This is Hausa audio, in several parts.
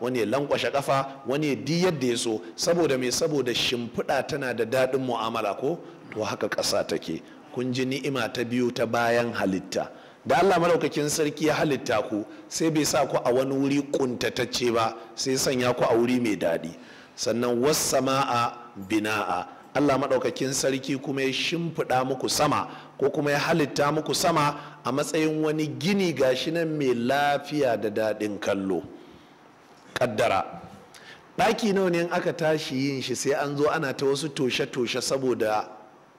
wani ya lankwashe kafa wani ya di yadda ya so saboda mai saboda shimfiɗa tana da daɗin mu'amala ko to haka ƙasa take kun ji ni'ima ta biyu ta bayan halitta da Allah maɗaukakin sarki ya halitta ku sai bai sa ku a wani wuri kuntatacce ba sai sanya ku a wuri mai daɗi sannan wasama'a bina'a Allah maɗaukakin sarki kuma ya shimfiɗa muku sama ko kuma ya halitta muku sama a matsayin wani gini gashi nan mai lafiya da daɗin kallo. kaddara ɗaki nawa ne aka tashi yin shi sai an zo ana ta wasu toshe-toshe saboda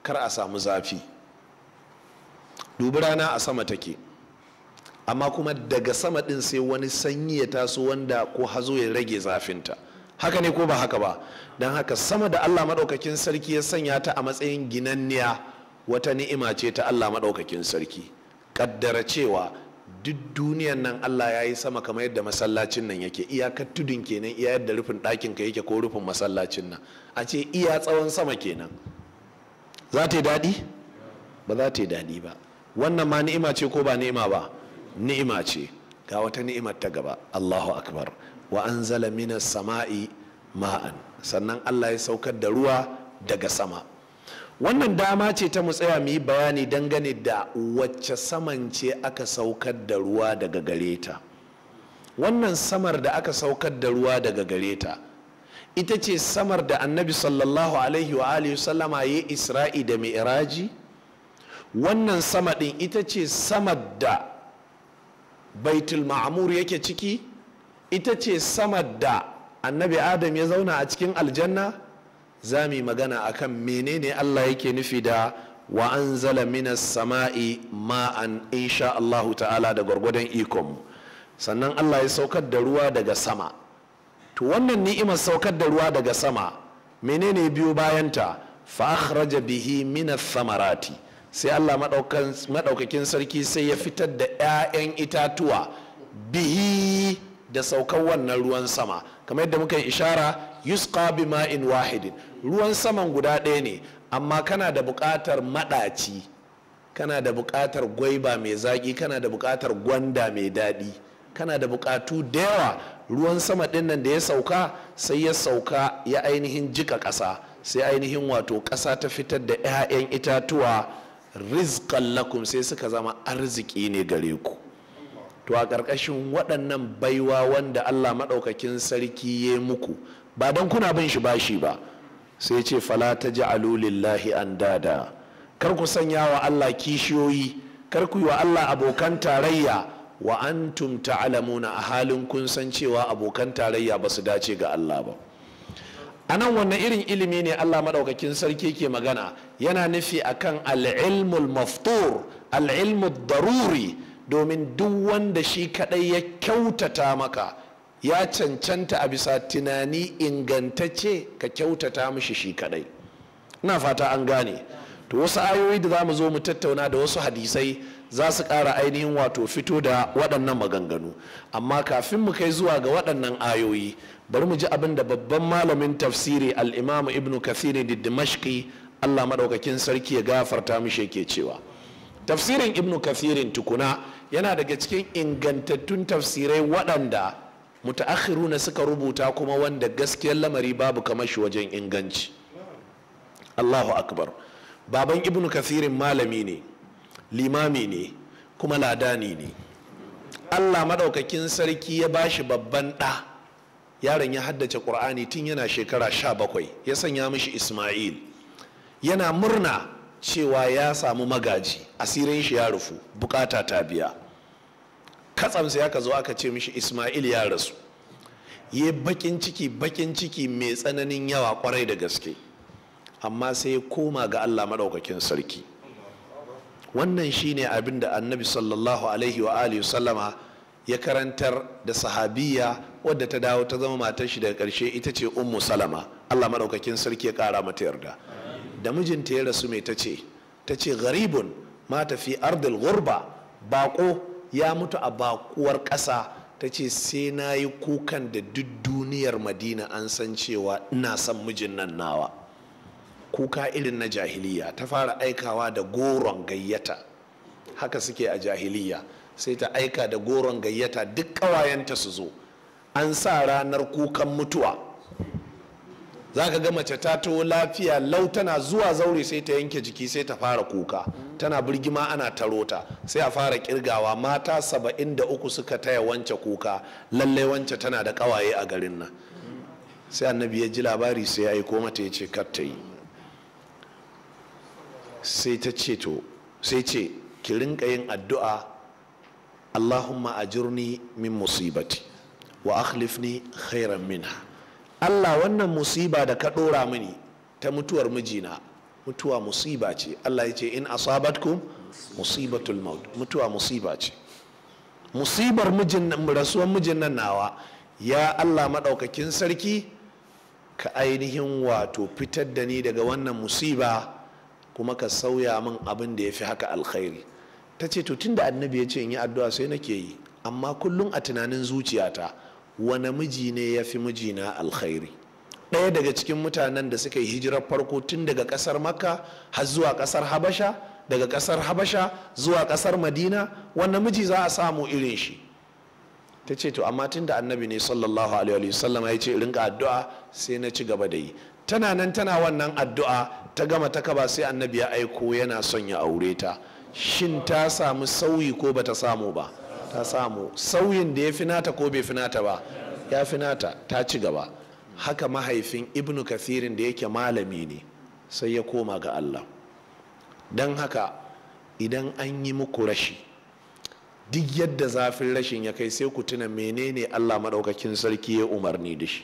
kar a samu zafi dubi rana a sama take amma kuma daga sama ɗin sai wani sanyi ya taso wanda ko hazo ya rage zafinta haka ne ko ba haka ba don haka sama da allah maɗaukakin sarki ya sanya ta a matsayin ginanniya wata ni'ima ce ta allah maɗaukakin sarki ƙaddara cewa duk duniyan nan Allah ya yi sama kamar yadda masallacin nan yake iyakar tudun kenan iya yadda rufin ɗakin ka yake ko rufin masallacin nan a ce iya tsawon sama kenan za ta yi daɗi ba za ta yi daɗi ba wannan ma ni'ima ce ko ba ni'ima ba ni'ima ce ga wata ni'imar ta gaba Allahu akbar wa anzala minas sama'i ma'an sannan Allah ya saukar da ruwa daga sama wannan dama ce ta mu tsaya mu yi bayani dangane da wacce saman ce aka saukar da ruwa daga gare ta wannan samar da aka saukar da ruwa daga gare ta ita ce samar da annabi sallallahu alaihi wa alihi sallama ya isra'i da mi'raji wannan sama din ita ce samar da baitul ma'amur yake ciki ita ce samar da annabi adam ya zauna a cikin aljanna za mu yi magana kan menene Allah yake nufi da wa an zala minas sama'i ma'an insha Allahu ta'ala da gwargwadon ikon sannan Allah ya saukar da ruwa daga sama to wannan ni'imar saukar da ruwa daga sama menene biyu bayanta fa akhraja bihi minas samarati sai Allah maɗaukakin sarki sai ya fitar da 'ya'yan itatuwa bihi da saukar wannan ruwan sama kamar yadda muka ishara yusqa bima'in wahidin ruwan saman guda ɗaya ne amma kana da buƙatar maɗaci kana da buƙatar gwaiba mai zaƙi kana da buƙatar gwanda mai daɗi kana da buƙatu da yawa ruwan sama ɗin nan da ya sauka sai ya sauka ya ainihin jika ƙasa sai ainihin wato ƙasa ta fitar da 'ya'yan itatuwa rizqan lakum sai suka zama arziki ne gare ku to a ƙarƙashin waɗannan baiwa wanda allah maɗaukakin sarki ya muku ba don kuna bin shi bashi ba sai ce fala ta alulillahi an dada. kar ku sanya wa Allah kishiyoyi kar ku yi wa Allah abokan tarayya wa an tumta alamuna a halin kun san cewa abokan tarayya ba su dace ga Allah ba a nan wannan irin ilimi ne Allah maɗaukakin sarki ke magana yana nufi akan al'ilmul maftur al'ilmul daruri domin duk wanda shi kaɗai ya kyautata maka ya cancanta a bisa tunani ingantacce ka kyautata mishi shi kadai ina fata an gane to wasu ayoyi da za mu zo mu tattauna da wasu hadisai za su ƙara ainihin wato fito da waɗannan maganganu amma kafin mu kai zuwa ga waɗannan ayoyi bari mu ji abin da babban malamin tafsiri al'imamu ibnu kathiri da dimashki allah maɗaukakin sarki ya gafarta mishi yake cewa tafsirin ibnu kathirin tukuna yana daga cikin ingantattun tafsirai waɗanda muta'akhiru na suka rubuta kuma wanda gaskiyar lamari babu kamar shi wajen inganci Allahu akbar baban ibnu kasirin malami ne limami ne kuma ladani ne Allah madaukakin sarki ya bashi babban ɗa yaron ya haddace ƙur'ani tun yana shekara sha bakwai ya sanya mishi ismail yana murna cewa ya samu magaji asirin shi ya rufu bukata ta biya Katsamsa sai aka zo aka ce mishi ismail ya rasu ya bakin ciki bakin ciki mai tsananin yawa kwarai da gaske amma sai ya koma ga allah maɗaukakin sarki wannan shine abin da annabi sallallahu alaihi wa alihi sallama ya karantar da sahabiya wadda ta dawo ta zama matar shi daga karshe ita ce ummu salama allah maɗaukakin sarki ya ƙara mata yarda da mijinta ya rasu mai ta ce ta ce garibun ma tafi ardil gurba baƙo ya mutu a bakuwar ƙasa ta ce sai na yi kukan da duk duniyar madina an san cewa ina son mijin nan nawa kuka irin na jahiliya ta fara aikawa da goron gayyata haka suke a jahiliya sai ta aika da goron gayyata duk ƙawayenta su zo an sa ranar kukan mutuwa za ka ga mace ta taho lafiya lau tana zuwa zaure sai ta yanke jiki sai ta fara kuka tana birgima ana taro ta sai a fara kirgawa mata saba'in da uku suka taya wance kuka lallai wance tana da kawaye a garin nan sai annabi ya ji labari sai ya aiko mata ya ce kar yi sai ta ce to sai ce ki rinka yin addu'a Allahumma ajirni min musibati wa akhlifni khairan minha Allah wannan musiba da ka ɗora mini ta mutuwar mijina mutuwa musiba ce Allah ya ce in asabatku musibatul maut mutuwa musiba ce musibar mijin rasuwar mijin nan nawa ya Allah maɗaukakin sarki ka ainihin wato fitar da ni daga wannan musiba kuma ka sauya min abin da ya fi haka alkhairi ta ce to tunda annabi ya ce in yi addu'a sai nake yi amma kullum a tunanin zuciyata wane miji ne ya fi mijina alkhairi ɗaya daga cikin mutanen da suka yi hijirar farko tun daga ƙasar makka har zuwa ƙasar habasha daga ƙasar habasha zuwa ƙasar madina wani miji za a samu irin shi ta ce to amma tun da annabi ne sallallahu alaihi wasallam ya ce rinka addu'a sai na ci gaba da yi tana nan tana wannan addu'a ta gama ta kaba sai annabi ya aiko yana son ya aure ta shin ta samu sauyi ko bata samu ba ta samu sauyin da ya fi nata ko bai fi nata ba ya fi nata ta ci gaba haka mahaifin ibnu kathirin da yake malami ne sai ya koma ga allah don haka idan an yi muku rashi duk yadda zafin rashin ya kai sai ku tuna menene allah maɗaukakin sarki ya umarni da shi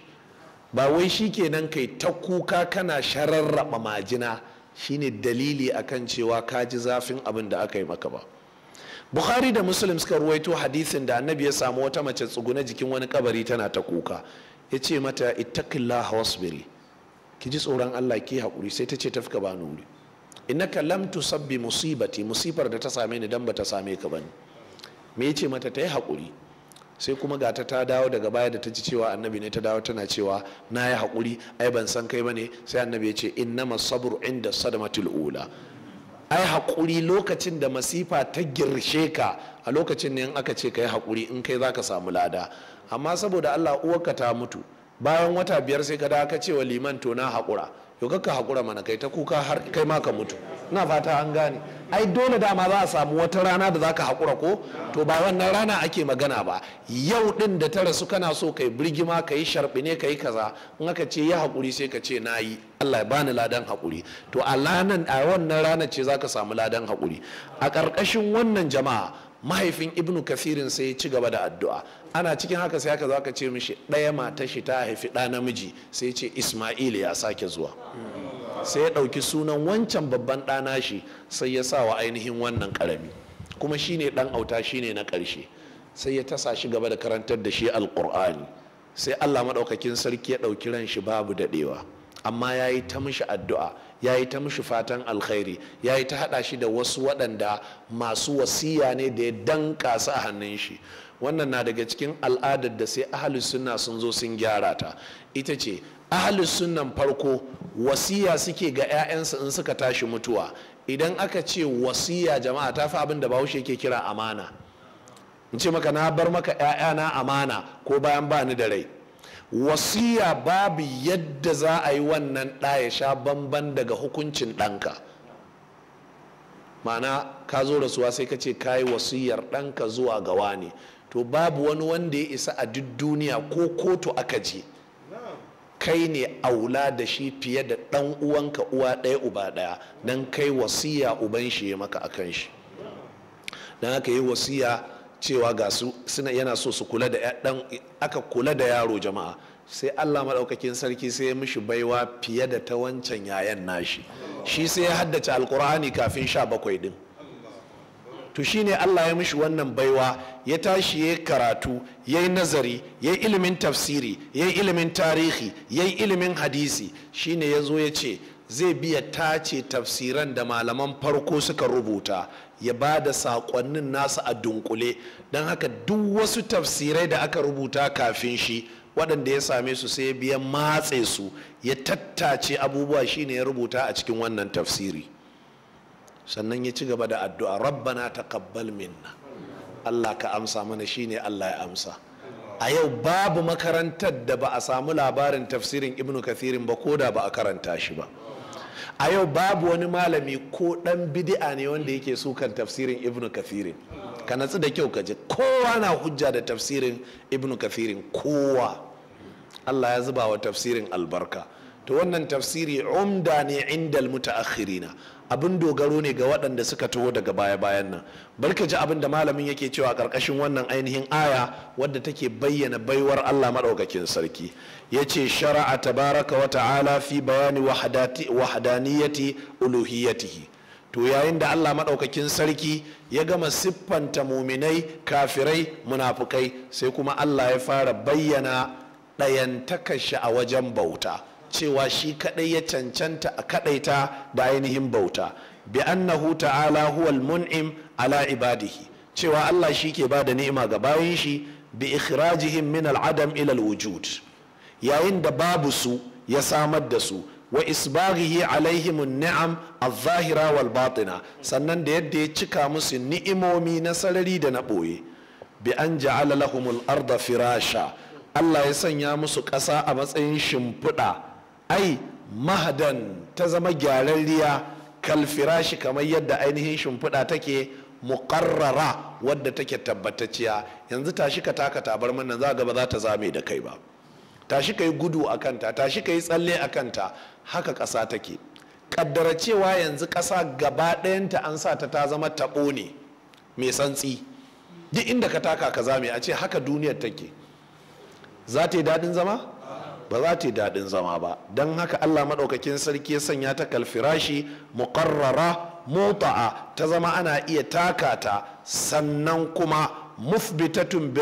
ba wai shi kenan kai ta kuka kana shararraba majina shine dalili akan cewa ka ji zafin abin da aka yi maka ba bukhari da muslim suka ruwaito hadisin da annabi ya samu wata mace tsuguna jikin wani kabari tana ta kuka ya ce mata ittaqillah wasbiri ki ji tsoron allah ki haƙuri sai ta ce ta tafka ba nuri innaka lam sabbi musibati musibar da ta same ni dan ta same ka bane me ya ce mata ta yi haƙuri sai kuma gata ta dawo daga baya da ta ji cewa annabi ne ta dawo tana cewa na yi haƙuri ai ban san kai ba ne, sai annabi ya ce innama sabru inda sadamatul ula ai haƙuri lokacin da masifa ta girshe ka a lokacin ne in aka ce ka yi haƙuri in kai za ka samu lada amma saboda allah uwarka ta mutu bayan wata biyar sai ka da ka ce wa liman to na haƙura yau ka haƙura mana kai ta kuka har kai ma ka mutu na fata an gane ai dole dama za a samu wata rana da zaka haƙura ko to ba wannan rana ake magana ba yau ɗin da ta rasu kana so kai birgima kai ne kai kaza in aka ce ya haƙuri sai ka ce na yi Allah ya bani ladan haƙuri to a lanan a wannan rana ce zaka samu ladan haƙuri a ƙarƙashin wannan jama'a mahaifin ibnu kasirin sai ya ci gaba da addu'a ana cikin haka sai haka za ka ce mishi ɗaya mata shi ta haifi ɗa namiji sai ce ismail ya sake zuwa sai ya ɗauki sunan wancan babban ɗana shi sai ya sa wa ainihin wannan ƙarami kuma shi ne ɗan auta shi ne na ƙarshe sai ya tasa shi gaba da karantar da shi alƙur'ani sai allah maɗaukakin sarki ya ɗauki ran shi babu daɗewa amma ya yi ta mishi addu'a ya yi ta mishi fatan alkhairi ya yi ta haɗa shi da wasu waɗanda masu wasiya ne da ya danƙa a hannun shi wannan na daga cikin al'adar da sai ahalus sunna sun zo sun gyara ta ita ce ahalus sunnan farko wasiya suke ga 'ya'yansu in suka tashi mutuwa idan aka ce wasiya jama'a ta fi abin da bahaushe ke kira amana in ce maka na bar maka 'ya'yana amana ko bayan ba ni da rai wasiya babu yadda za a yi wannan ɗa ya sha bamban daga hukuncin ɗanka ma'ana ka zo rasuwa sai ka ce ka yi wasiyar ɗanka zuwa ga wani to babu wani wanda ya isa a duk duniya ko kotu aka je kai ne aula da shi fiye da ɗan uwanka uwa ɗaya uba ɗaya don kai wasiya uban shi ya maka akan shi don haka yi wasiya cewa ga su suna yana so su kula da dan aka kula da yaro jama'a sai allah maɗaukakin sarki sai ya mishi baiwa fiye da ta wancan yayan nashi shi sai ya haddace alkur'ani kafin sha bakwai din. to shine Allah ya mishi wannan baiwa ya tashi ya karatu ya yi nazari ya ilimin tafsiri ya ilimin tarihi ya ilimin hadisi shine ya zo ya ce zai biya tace tafsiran da malaman farko suka rubuta ya ba da saƙonnin nasa a dunkule don haka duk wasu tafsirai da aka rubuta kafin shi waɗanda ya same su sai ya biya matse su ya tattace abubuwa shine ya rubuta a cikin wannan tafsiri. sannan ya ci gaba da addu'a rabbana taqabbal minna Allah ka amsa mana shine Allah ya amsa a yau babu makarantar da ba a samu labarin tafsirin ibn kathirin ba ko da ba a karanta shi ba a yau babu wani malami ko dan bidi'a ne wanda yake sukan tafsirin ibn kathirin ka natsu da kyau ka ji kowa na hujja da tafsirin ibn kathirin kowa Allah ya zuba wa tafsirin albarka to wannan tafsiri umda ne indal mutaakhirina abin dogaro ne ga waɗanda suka taho daga baya-bayan nan barka ji abin da malamin yake cewa a ƙarƙashin wannan ainihin aya wadda take bayyana baiwar Allah maɗaukakin sarki ya ce shara'a tabaraka wa ta'ala fi bayani wahadaniyati uluhiyatihi to yayin da Allah maɗaukakin sarki ya gama siffanta muminai kafirai munafukai sai kuma Allah ya fara bayyana ɗayantakar shi a wajen bauta cewa shi kadai ya cancanta a kadaita da ainihin bauta bi annahu ta'ala huwal mun'im ala ibadihi cewa Allah shi ke bada ni'ima ga bayan shi bi ikhrajihim min al'adam ila wujud yayin da babu su ya samar da su wa isbaghihi alaihim ni'am adh-dhahira wal batina sannan da yadda ya cika musu ni'imomi na sarari da na boye bi an ja'ala lahumul arda firasha Allah ya sanya musu ƙasa a matsayin shimfiɗa ai mahadan ta zama gyararriya kalfirashi kamar yadda ainihin shimfiɗa take muƙarrara wadda take tabbatacciya yanzu tashi ka taka tabar nan za ga ba za ta zame da kai ba tashi ka yi gudu a kanta tashi ka yi tsalle a kanta haka ƙasa take kaddara cewa yanzu ƙasa gaba ɗayanta an sa ta ta zama taɓo ne mai santsi duk inda ka taka ka zame a ce haka duniyar take za ta yi daɗin zama ba za ta yi daɗin zama ba don haka allah maɗaukakin sarki ya sanya ta kalfirashi muƙarrara muta'a ta zama ana iya taka ta sannan kuma mufbitatun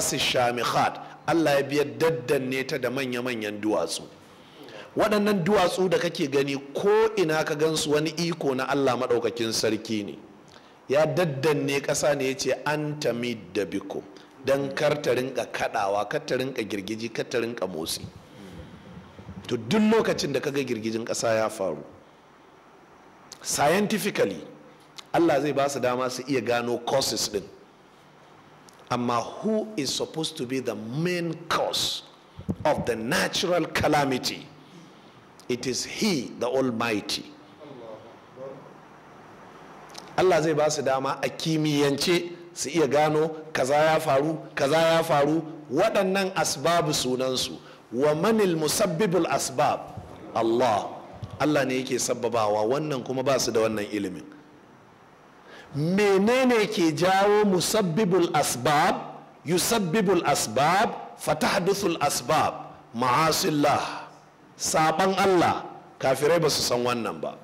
su shamikhat allah ya biya daddanne ta da manya-manyan duwatsu waɗannan duwatsu da kake gani ko ina ka gansu wani iko na allah maɗaukakin sarki ne ya daddanne ƙasa ne ya ce an tamid da biko don karta rinka kaɗawa ta rinka girgiji ta rinka motsi to duk lokacin da kaga girgijin ƙasa ya faru scientifically allah zai ba su dama su iya gano causes din amma who is supposed to be the main cause of the natural calamity it is he the almighty allah zai ba su dama a kimiyyance su iya gano kaza ya faru kaza ya faru waɗannan asbabu sunansu wa manil musabbibul asbab Allah Allah ne yake sabbabawa wannan kuma ba su da wannan ilimin menene ke jawo musabbibul asbab yusabbibul asbab fatahdusul asbab ma'asillah saban Allah kafirai ba su san wannan ba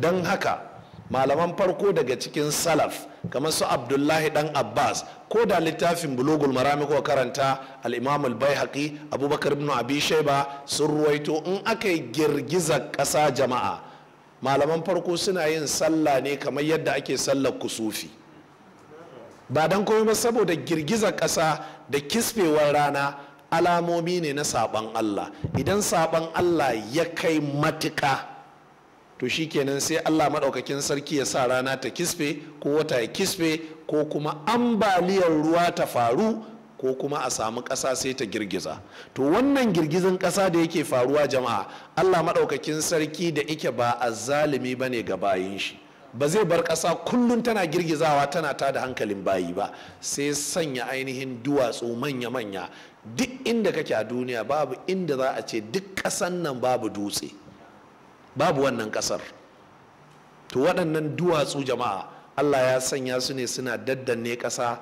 don haka malaman farko daga cikin salaf kamar su abdullahi dan abbas ko da littafin bulugul marami ko karanta al-imam al abubakar ibn abi shaiba sun ruwaito in aka yi girgiza ƙasa jama'a malaman farko suna yin sallah ne kamar yadda ake sallar kusufi ba dan komai ba saboda girgiza ƙasa da kisfewar rana alamomi ne na saban Allah idan saban Allah ya kai matuƙa to shi kenan sai Allah maɗaukakin sarki ya sa rana ta kisfe ko wata ya kisfe ko kuma ambaliyar ruwa ta faru ko kuma a samu ƙasa sai ta girgiza to wannan girgizin ƙasa da yake faruwa jama'a Allah maɗaukakin sarki da ike ba a zalimi ba ne ga bayin shi ba zai bar ƙasa kullum tana girgizawa tana ta da hankalin bayi ba sai sanya ainihin duwatsu manya-manya duk inda kake a duniya babu inda za a ce duk ƙasan nan babu dutse babu wannan kasar to waɗannan duwatsu jama'a allah ya sanya su ne suna daddanne ƙasa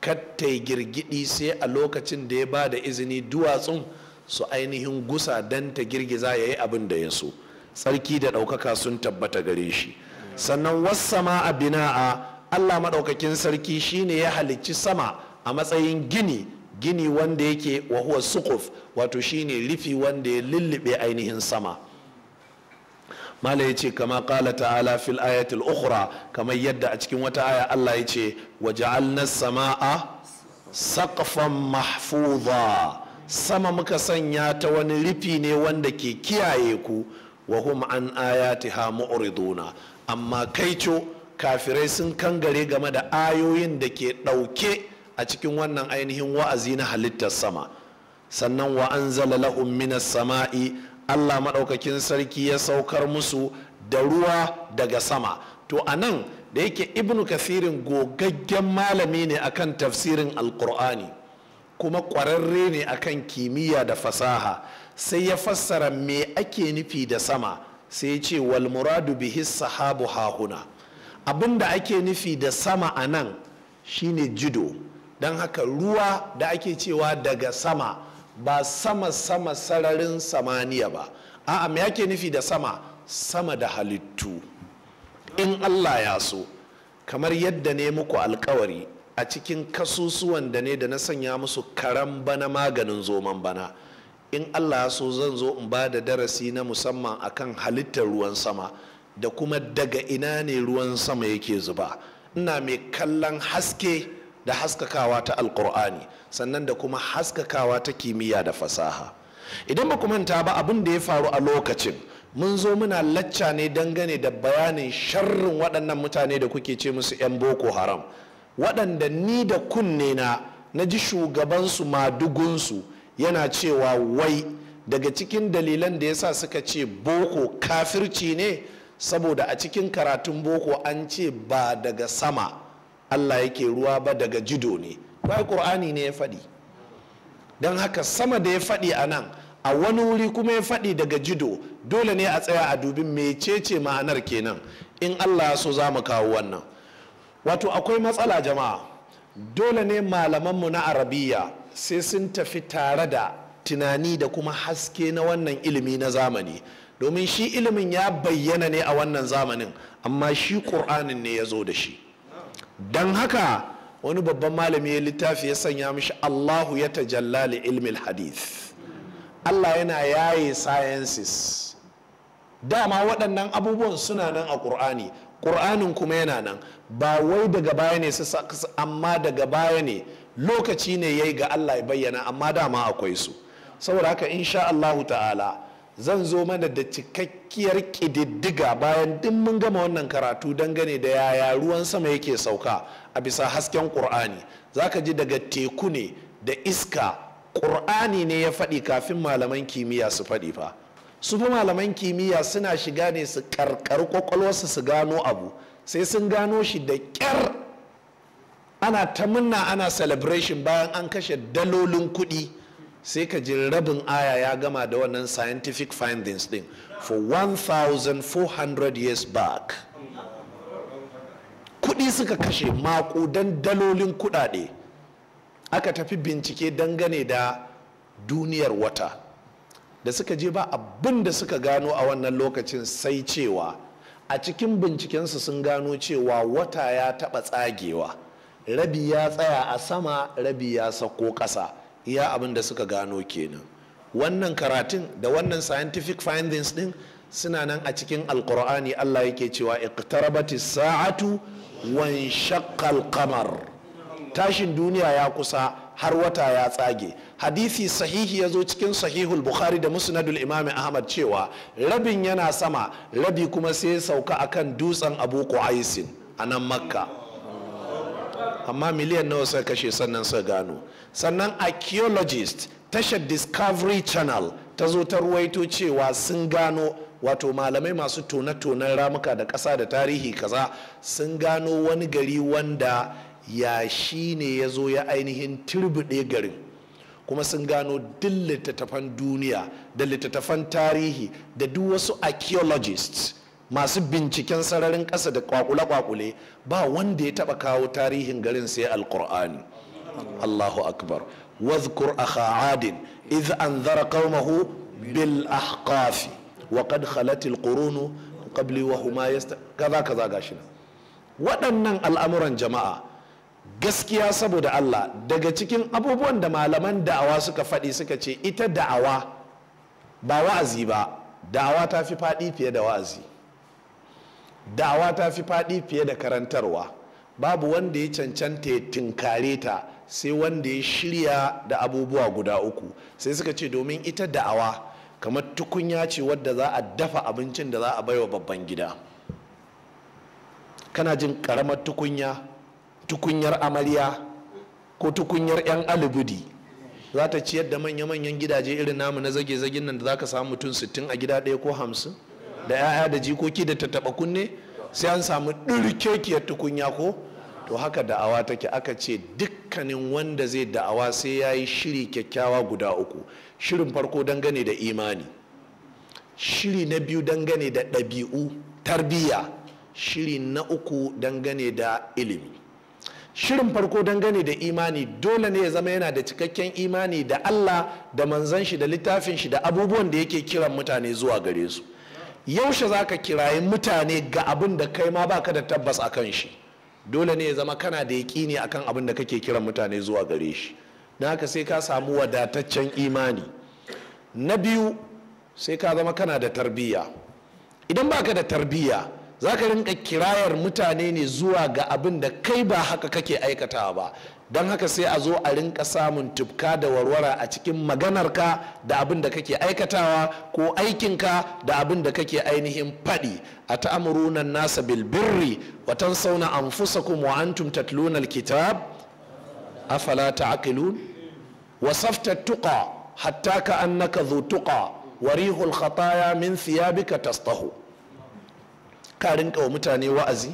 kattai girgidi sai a lokacin da ya ba da izini duwatsun su ainihin gusa don ta girgiza ya yi abin da ya so Sarki da ɗaukaka sun tabbata gare shi sannan wasu sama a bina'a allah maɗaukakin sarki shine ya halicci sama a matsayin gini gini wanda yake wahuwa sukuf wato shine rufi wanda ya lullube ainihin sama mala ya ce kama kala ta'ala fil ayatul ukhra kamar yadda a cikin wata aya Allah ya ce wa sama'a saqfan mahfuza sama muka sanya ta wani rufi ne wanda ke kiyaye ku wa hum an ayatiha mu'riduna amma kaico kafirai sun kangare game da ayoyin da ke ɗauke a cikin wannan ainihin wa'azi na halittar sama sannan wa anzala lahum minas sama'i allah maɗaukakin sarki ya saukar musu da ruwa daga sama to a nan da yake ibnu kasirin gogaggen malami ne akan tafsirin alkur'ani kuma ƙwararre ne akan kimiyya da fasaha sai ya fassara me ake nufi da sama sai ce wal muradu bihi sahabu hahuna abin da ake nufi da sama a nan shine jido don haka ruwa da ake cewa daga sama ba sama sama sararin samaniya ba a'a me yake nufi da sama sama da halittu in Allah ya so kamar yadda ne muku alkawari a cikin kasusuwan da ne da na sanya musu karan bana maganin zoman bana in Allah ya so zan zo in ba da darasi na musamman akan halittar ruwan sama da kuma daga ina ne ruwan sama yake zuba ina mai kallon haske da haskakawa ta alkur'ani sannan da kuma haskakawa ta kimiyya da fasaha idan ba manta ba abin da ya faru a lokacin mun zo muna lacca ne dangane da bayanin sharrin waɗannan mutane da kuke ce musu 'yan boko haram waɗanda ni da kunne na na ji shugabansu madugunsu yana cewa wai daga cikin dalilan da ya sa suka ce boko kafirci ne saboda a cikin karatun boko an ce ba daga sama allah yake ruwa ba daga jido ne bai ne ya faɗi don haka sama da ya faɗi a nan a wani wuri kuma ya faɗi daga jido dole ne a tsaya a dubi mecece ma'anar kenan in allah ya so za mu kawo wannan wato akwai matsala jama'a dole ne malamanmu na arabiya sai sun tafi tare da tunani da kuma haske na wannan ilimi na zamani domin shi ilimin ya bayyana ne a wannan zamanin amma shi ne ya zo da shi don haka wani babban malami ya littafi ya sanya mishi allahu ya tajalla li ilmil hadith allah yana yaye sciences dama waɗannan abubuwan suna nan a ƙur'ani ƙur'anin kuma yana nan ba wai daga baya ne su amma daga baya ne lokaci ne ya yi ga allah ya bayyana amma dama akwai su saboda haka insha allahu ta'ala zan zo mana da cikakkiyar ƙididdiga bayan duk mun gama wannan karatu dangane da yaya ruwan sama yake sauka a bisa hasken ƙur'ani za ka ji daga teku ne da iska ƙur'ani ne ya faɗi kafin malaman kimiyya su faɗi fa su fi malaman kimiyya suna shiga ne su karkar kwakwalwarsu su gano abu sai sun gano shi da ƙyar ana ta ana celebration bayan an kashe dalolin kuɗi sai ka ji rabin aya ya gama da wannan scientific findings din for 1400 years back kudi suka kashe makudan dalolin kudade aka tafi bincike dangane da duniyar wata da suka je ba abin da suka gano a wannan lokacin sai cewa a cikin bincikensu sun gano cewa wata ya taba tsagewa rabi ya tsaya a sama rabi ya sako ƙasa iya abin da suka gano kenan wannan karatun da wannan scientific findings din suna nan a cikin alkur'ani allah yake cewa iqtarabati sa'atu wan shakkal kamar tashin duniya ya kusa har wata ya tsage hadisi sahihi ya zo cikin sahihul bukhari da musnadul imam ahmad cewa rabin yana sama rabi kuma sai sauka akan dutsen abu kuaisin a nan makka amma miliyan nawa suka kashe sannan suka gano sannan archaeologist tashar discovery channel ta zo ta ruwaito cewa sun gano wato malamai masu tone-tonen ramuka da ƙasa da tarihi kaza sun gano wani gari wanda yashi ne ya zo ya ainihin turbiɗe garin kuma sun gano duk littattafan duniya da littattafan tarihi da duk wasu archaeologists masu binciken sararin ƙasa da kwakule-kwakule ba wanda ya taɓa kawo tarihin garin sai alkur'ani. الله أكبر واذكر أخا عاد إذ أنذر قومه بالأحقاف وقد خلت القرون قبل وهما يست كذا كذا قاشنا waɗannan al'amuran jama'a gaskiya saboda Allah daga cikin abubuwan da malaman da'awa suka faɗi suka ce ita da'awa ba wa'azi ba da'awa ta fi faɗi fiye da wa'azi da'awa ta fi faɗi fiye da karantarwa babu wanda ya cancanta ya tinkare ta sai wanda ya shirya da abubuwa guda uku sai suka ce domin ita da'awa kamar tukunya ce wadda za a dafa abincin da za a baiwa babban gida kana jin karamar tukunya tukunyar amarya ko tukunyar 'yan alibudi za ta ciyar da manya-manyan gidaje irin namu na zage-zagen nan da za ka samu mutum sittin a gida ɗaya ko hamsin da 'ya'ya da jikoki da ta taɓa kunne sai an samu ɗirkekiyar tukunya ko to haka da'awa take aka ce dukkanin wanda zai da'awa sai ya yi shiri kyakkyawa guda uku shirin farko dangane da imani shiri na biyu dangane da ɗabi'u tarbiyya shiri na uku dangane da ilimi shirin farko dangane da imani dole ne ya zama yana da cikakken imani da allah da manzan shi da littafin shi da abubuwan da yake kiran mutane zuwa gare su yaushe za ka kirayi mutane ga abin da kai ma baka da tabbas a kan shi dole ne ya zama kana da yaƙini akan abin da kake kiran mutane zuwa gare shi na haka sai ka samu wadataccen imani na biyu sai ka zama kana da tarbiyya idan baka da tarbiyya za ka rinka kirayar mutane ne zuwa ga abin da kai ba haka kake aikatawa ba don haka sai a zo a rinka samun tufka da warwara a cikin maganarka da abin da kake aikatawa ko aikinka da abin da kake ainihin faɗi a ta'amurunan nasa bilbirri watan sauna kuma wa antum tatluna alkitab afala ta'qilun safta tuqa hatta ka annaka dhu tuqa wa rihul khataya min thiyabika tastahu ka rinka wa mutane wa'azi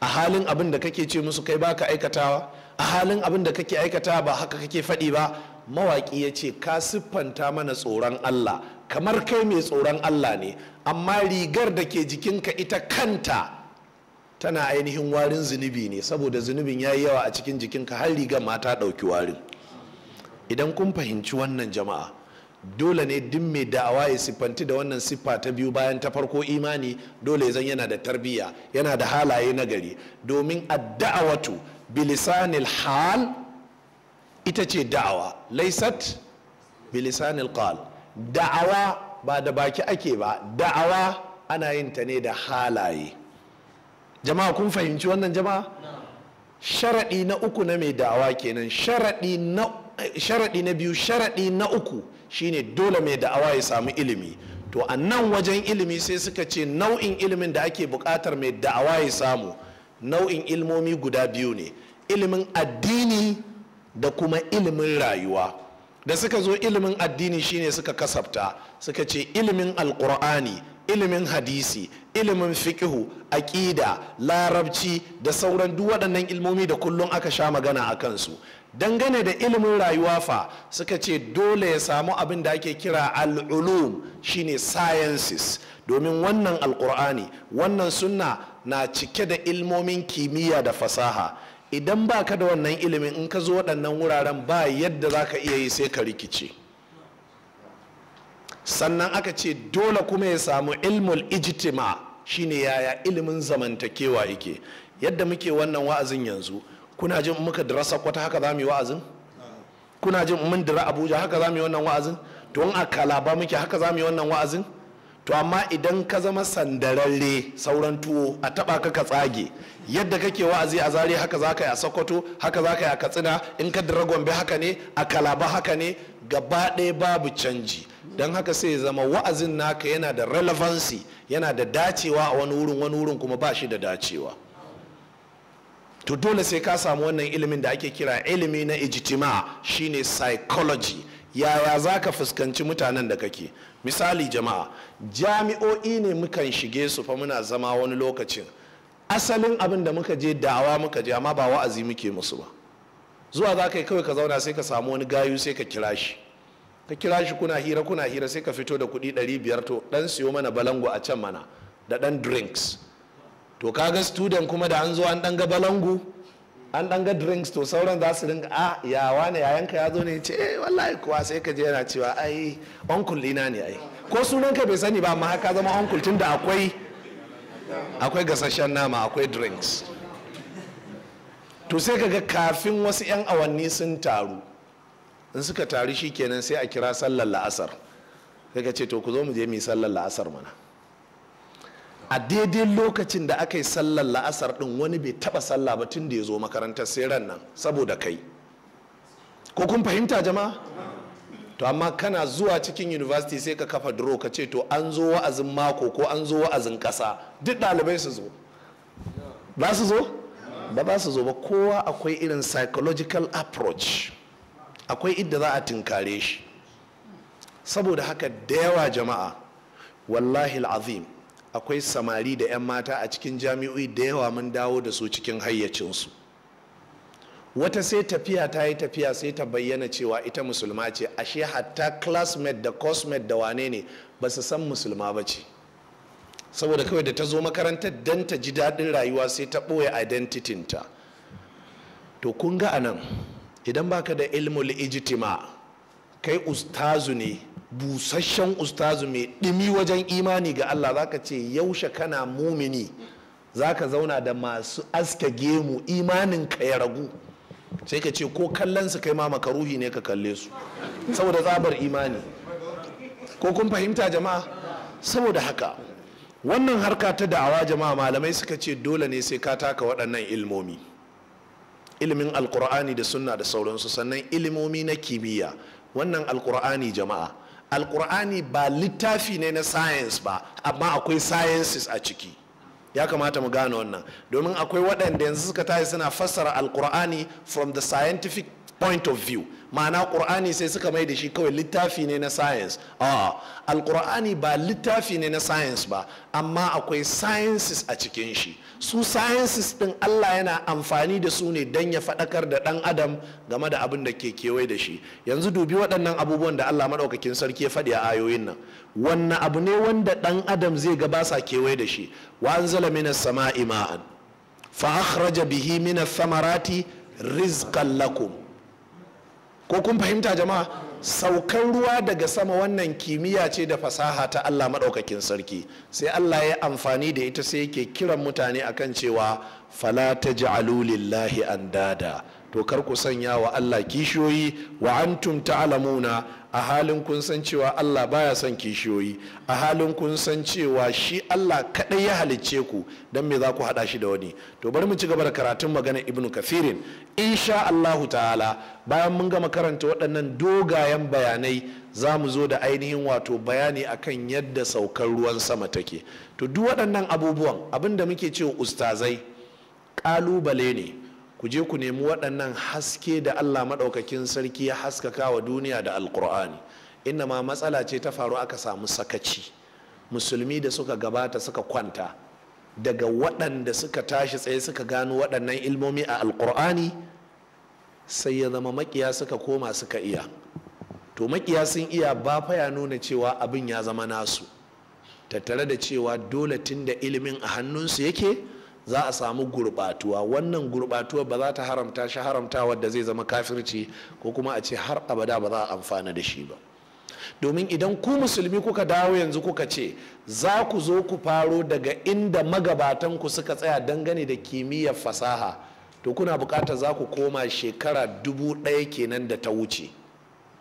a halin abin da kake ce musu kai baka aikatawa a halin abin da kake aikata ba haka kake faɗi ba mawaƙi ya ce ka siffanta mana tsoron Allah kamar kai mai tsoron Allah ne amma rigar da ke jikinka ita kanta tana ainihin warin zunubi ne saboda zunubin ya yi yawa a cikin jikinka har rigar ma ta ɗauki warin idan kun fahimci wannan jama'a dole ne duk mai da'awa ya siffanti da wannan siffa ta biyu bayan ta farko imani dole zan yana da tarbiyya yana da halaye na gari domin wato. bilisanil hal ita ce da'awa laisat bilisanil qal da'awa ba da baki ake ba da'awa ana yin ta ne da halaye jama'a kun fahimci wannan jama'a sharaɗi na uku na mai da'awa kenan sharaɗi na biyu sharaɗi na uku shine dole mai da'awa ya samu ilimi to a nan wajen ilimi sai suka ce nau'in ilimin da ake buƙatar mai da'awa ya samu nau'in ilmomi guda biyu ne ilimin addini da kuma ilimin rayuwa da suka zo ilimin addini shine suka kasafta suka ce ilimin alkur'ani ilimin hadisi ilimin fikihu aƙida larabci da sauran duk waɗannan ilmomi da kullum aka sha magana a kansu dangane da ilimin rayuwa fa suka ce dole ya samu abin da ake kira al'ulum shine sciences domin wannan alkur'ani wannan sunna na cike da ilmomin kimiyya da fasaha idan ba ka da wannan ilimin in ka zo waɗannan wuraren ba yadda za ka iya yi sai ka rikice sannan aka ce dole kuma ya samu ilmul ijtima shine yaya ilimin zamantakewa yake yadda muke wannan wa'azin yanzu kuna jin muka dirasa kwata haka za mu yi wa'azin kuna jin mun dira abuja haka za mu yi wannan wa'azin don a kalaba muke haka za mu yi wannan wa'azin to amma idan ka zama sandararre sauran tuwo a taba ka ka tsage yadda kake wa'azi a zare haka za ka yi a sokoto haka za ka yi a katsina in ka dira gombe haka ne a kalaba haka ne gaba ɗaya babu canji don haka sai ya zama wa'azin naka yana da relevancy yana da dacewa a wani wurin wani wurin kuma ba shi da dacewa to dole sai ka samu wannan ilimin da ake kira ilimi na ijtima shine psychology yaya za ka fuskanci mutanen da kake misali jama'a jami'o'i ne mukan shige su fa muna zama wani lokacin asalin abin da muka je dawa muka je amma ba wa'azi muke musu ba zuwa za ka yi kawai ka zauna sai ka samu wani gayu sai ka kira shi ka kira shi kuna hira kuna hira sai ka fito da kuɗi ɗari biyar to ɗan siyo mana balangu a can mana da ɗan drinks to ka ga student kuma da an zo an ɗan ga balangu an ɗan ga drinks to sauran za su dinga a ah, ya wane yayanka ya zo ne ce eh, wallahi kuwa sai ka je yana cewa ai uncle lina ne ai ko sunan ka bai sani ba ma haka zama uncle da akwai akwai gasasshen nama akwai drinks to sai ka kafin wasu 'yan awanni sun taru in suka taru shi kenan sai a kira sallar la'asar sai ka ce to ku zo mu je mu yi sallar la'asar mana a daidai lokacin da aka yi sallar la'asar din wani bai taba sallah ba tun da ya zo makarantar sai ran nan saboda kai ko kun fahimta jama'a to amma kana zuwa cikin university sai ka kafa duro ka ce to an zo wa'azin mako ko an zo wa'azin kasa duk ɗalibai su zo ba su zo ba ba su zo ba kowa akwai irin psychological approach akwai idda za a tinkare shi saboda haka da yawa jama'a wallahi azim akwai samari da 'yan mata a cikin jami'o'i da yawa mun dawo da su cikin hayyacinsu wata sai tafiya ta yi tafiya sai ta bayyana cewa ita musulma ce ashe hatta classmate da cosmate da wane ne ba su san musulma ba ce saboda kawai da ta zo makarantar don ta ji daɗin rayuwa sai ta ɓoye identitinta to kun ga anan idan baka da ilmul ijtima kai ustazu ne busasshen ustazu mai ɗimi wajen imani ga Allah zaka ce yaushe kana mumini zaka zauna da masu aske gemu imanin ka ya ragu sai ka ce ko kallon su kai ma makaruhi ne ka kalle su saboda tsabar imani ko kun fahimta jama'a saboda haka wannan harka ta da'awa jama'a malamai suka ce dole ne sai ka taka waɗannan ilmomi ilimin alkur'ani da sunna da sauransu sannan ilimomi na kimiyya wannan alkur'ani jama'a alkur'ani ba littafi ne na science ba amma akwai sciences a ciki ya kamata mu gane wannan domin akwai waɗanda yanzu suka tashi suna fassara alkur'ani from the scientific point of view ma'ana qur'ani sai suka mai da shi kawai littafi ne na science ah alqur'ani ba littafi ne na science ba amma akwai sciences a cikin shi su sciences din allah yana amfani da su ne dan ya faɗakar da dan adam game da abin da ke kewaye da shi yanzu dubi waɗannan abubuwan da allah maɗaukakin sarki ya faɗi a ayoyin nan wannan abu ne wanda dan adam zai ga basa kewaye da shi wa anzala minas sama'i ma'an fa akhraja bihi minas samarati rizqan lakum ko kun fahimta jama'a saukan ruwa daga sama wannan kimiyya ce da fasaha ta Allah maɗaukakin sarki sai Allah ya amfani da ita sai yake kiran mutane akan cewa fala taj'alu lillahi andada to kar ku sanya wa Allah kishiyoyi wa antum ta'lamuna a halin kun san cewa Allah baya son kishiyoyi a halin kun san cewa shi Allah kadai ya halicce ku dan me za ku hada shi da wani to bari mu ci gaba da karatun magana ibnu kathirin insha Allah ta'ala bayan mun gama karanta waɗannan dogayen bayanai za mu zo da ainihin wato bayani akan yadda saukar ruwan sama take to duk waɗannan abubuwan abinda muke cewa ustazai ƙalubale ne ku je ku nemi waɗannan haske da allah maɗaukakin sarki ya haskaka wa duniya da alkur'ani inna ma matsala ce ta faru aka samu sakaci musulmi da suka gabata suka kwanta daga waɗanda suka tashi tsaye suka gano waɗannan ilmomi a alkur'ani sai ya zama makiya suka koma suka iya to makiya sun iya ba fa ya nuna cewa abin ya zama nasu tattare da cewa dole tun da ilimin a hannunsu yake za a samu gurbatuwa wannan gurbatuwa ba za ta haramta shi haramta da zai zama kafirci ko kuma a ce har abada ba za a amfana da shi ba domin idan ku musulmi kuka dawo yanzu kuka ce za ku zo ku faro daga inda magabatanku suka tsaya dangane da kimiyyar fasaha to kuna bukatar za ku koma shekara dubu ɗaya kenan da ta wuce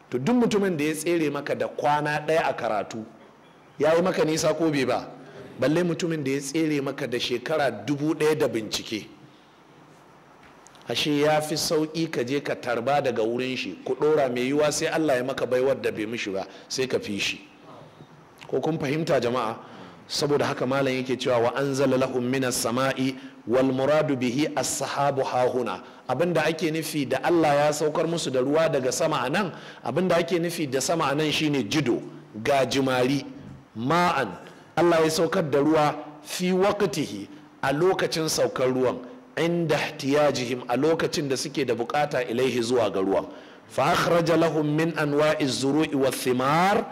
to duk mutumin da ya tsere maka da kwana ɗaya a karatu ya yi maka nisa ko bai ba balle mutumin da ya tsere maka da shekara dubu ɗaya da bincike ashe ya fi sauƙi ka je ka tarba daga wurin shi ku ɗora mai yiwa sai allah ya maka baiwar da bai mishi ba sai ka fi shi ko kun fahimta jama'a saboda haka malam yake cewa wa anzala lahum minas sama'i wal muradu bihi as-sahabu hahuna abinda ake nufi da Allah ya saukar musu da ruwa daga sama anan abinda ake nufi da sama anan shine jido gajimari ma'an Allah ya saukar da ruwa fi waqtihi a lokacin saukar ruwan inda ihtiyajihim a lokacin da suke da bukata ilaihi zuwa ga ruwan fa akhraja lahum min anwa'i zuru'i wa thimar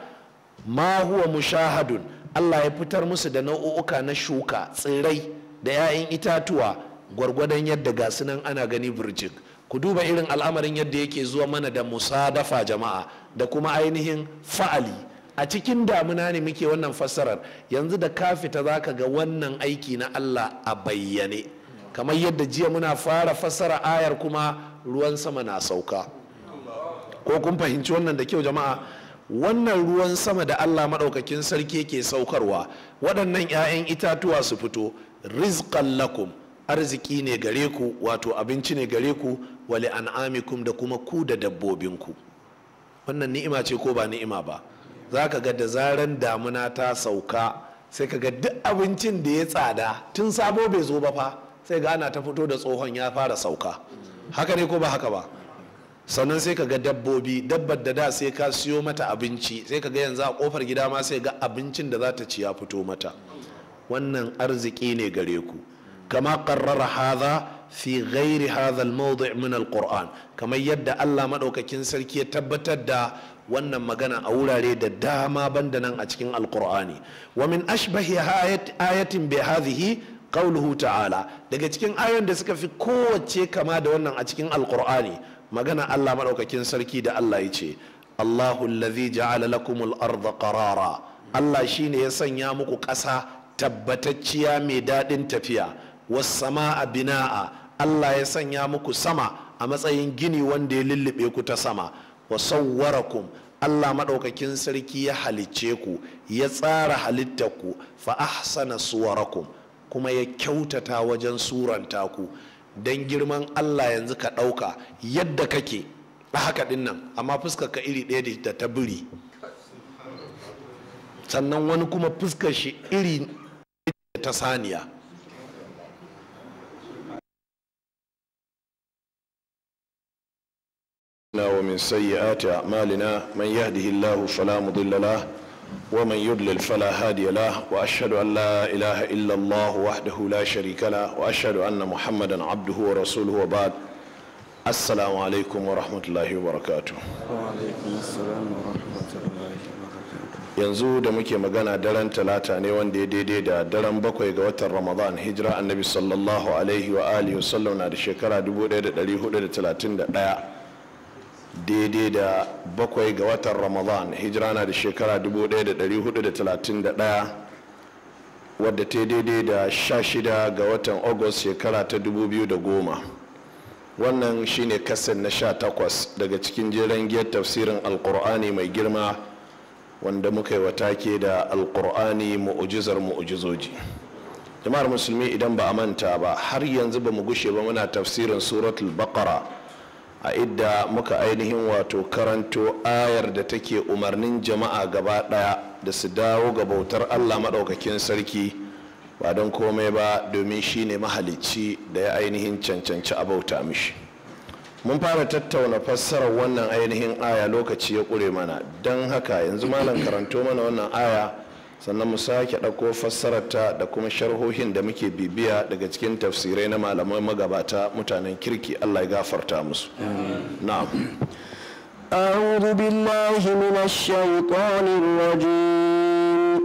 ma huwa mushahadun Allah ya fitar musu da nau'uka na shuka tsirrai da 'ya'yan itatuwa gwargwadon yadda ga nan ana gani birjik ku duba irin al'amarin yadda yake zuwa mana da musadafa jama'a da kuma ainihin fa'ali a cikin damuna ne muke wannan fassarar yanzu da ka fita za ka ga wannan aiki na allah a bayyane kamar yadda jiya muna fara fassara ayar kuma ruwan sama na sauka ko kun fahimci wannan da kyau jama'a wannan ruwan sama da allah maɗaukakin sarki ke saukarwa waɗannan 'ya'yan itatuwa su fito rizqan lakum arziki ne gare ku wato abinci ne gare ku wali an'amikum da kuma ku da dabbobinku wannan ni'ima ce ko ba ni'ima ba za ka ga da zaren damuna ta sauka sai ka ga duk abincin da ya tsada tun sabo bai zo ba fa sai ga ana ta fito da tsohon ya fara sauka haka ne ko ba haka ba sannan sai ka ga dabbobi dabbar da da sai ka siyo mata abinci sai ka ga yanzu a kofar gida ma sai ga abincin da za ta ci ya fito mata wannan arziki ne gare ku kama karrar haza fi ghairi hadha al-mawdi' min al-Qur'an kamar yadda Allah madaukakin sarki ya tabbatar da wannan magana a wurare da dama banda nan a cikin alkur'ani wa min ashbahi ayatin bi hadhihi qawluhu ta'ala daga cikin ayoyin da suka fi kowace kama da wannan a cikin alkur'ani magana Allah madaukakin sarki da Allah ya ce Allahu allazi ja'ala lakumul arda karara. Allah shine ya sanya muku ƙasa tabbatacciya mai daɗin tafiya was sama'a bina'a Allah ya sanya muku sama a matsayin gini wanda ya lullube ku ta sama wa sawwarakum Allah maɗaukakin sarki ya halicce ku ya tsara halitta ku fa ahsana suwarakum kuma ya kyautata wajen suranta ku don girman Allah yanzu ka ɗauka yadda kake a haka ɗin nan amma fuskar ka iri ɗaya da ta biri sannan wani kuma fuskar shi iri ta saniya ومن سيئات أعمالنا من يهده الله فلا مضل له ومن يضلل فلا هادي له وأشهد أن لا إله إلا الله وحده لا شريك له وأشهد أن محمدا عبده ورسوله وبعد السلام عليكم ورحمة الله وبركاته وعليكم السلام ورحمة الله وبركاته yanzu da muke magana daren talata ne wanda ya daidai da daren bakwai ga watan ramadan hijira annabi sallallahu alaihi wa alihi wasallam na da shekara 1431 daidai da bakwai ga watan ramadan hijira na da shekara 1431 wadda ta daidai da sha shida ga watan agus shekara ta 2010 wannan shine kasan na sha takwas daga cikin jeren giyar tafsirin alkur'ani mai girma wanda muka yi take da alkur'ani mu'ujizar mu'ujizoji jama'ar musulmi idan ba a manta ba har yanzu ba mu gushe ba muna tafsirin suratul baqara a idda muka ainihin wato karanto ayar da take umarnin jama'a gaba ɗaya da su dawo ga bautar allah maɗaukakin sarki ba don komai ba domin shi ne mahalicci da ya ainihin cancanci a bauta mishi mun fara tattauna fassarar wannan ainihin aya lokaci ya ƙure mana don haka yanzu malam karanto mana wannan aya sannan mu sake ɗauko fassararta da kuma sharhohin da muke bibiya daga cikin tafsirai na malamai magabata mutanen kirki allah ya gafarta musu na'am أعوذ بالله من Min الرجيم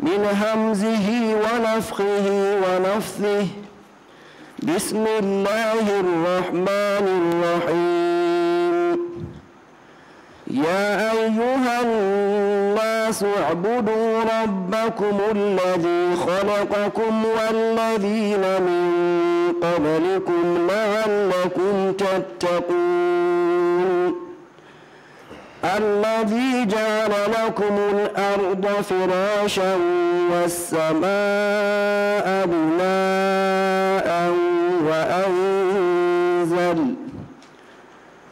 من همزه ونفخه ونفثه بسم الله الرحمن الرحيم يا أيها الناس الناس اعبدوا ربكم الذي خلقكم والذين من قبلكم لعلكم تتقون الذي جعل لكم الأرض فراشا والسماء بناء وأنزل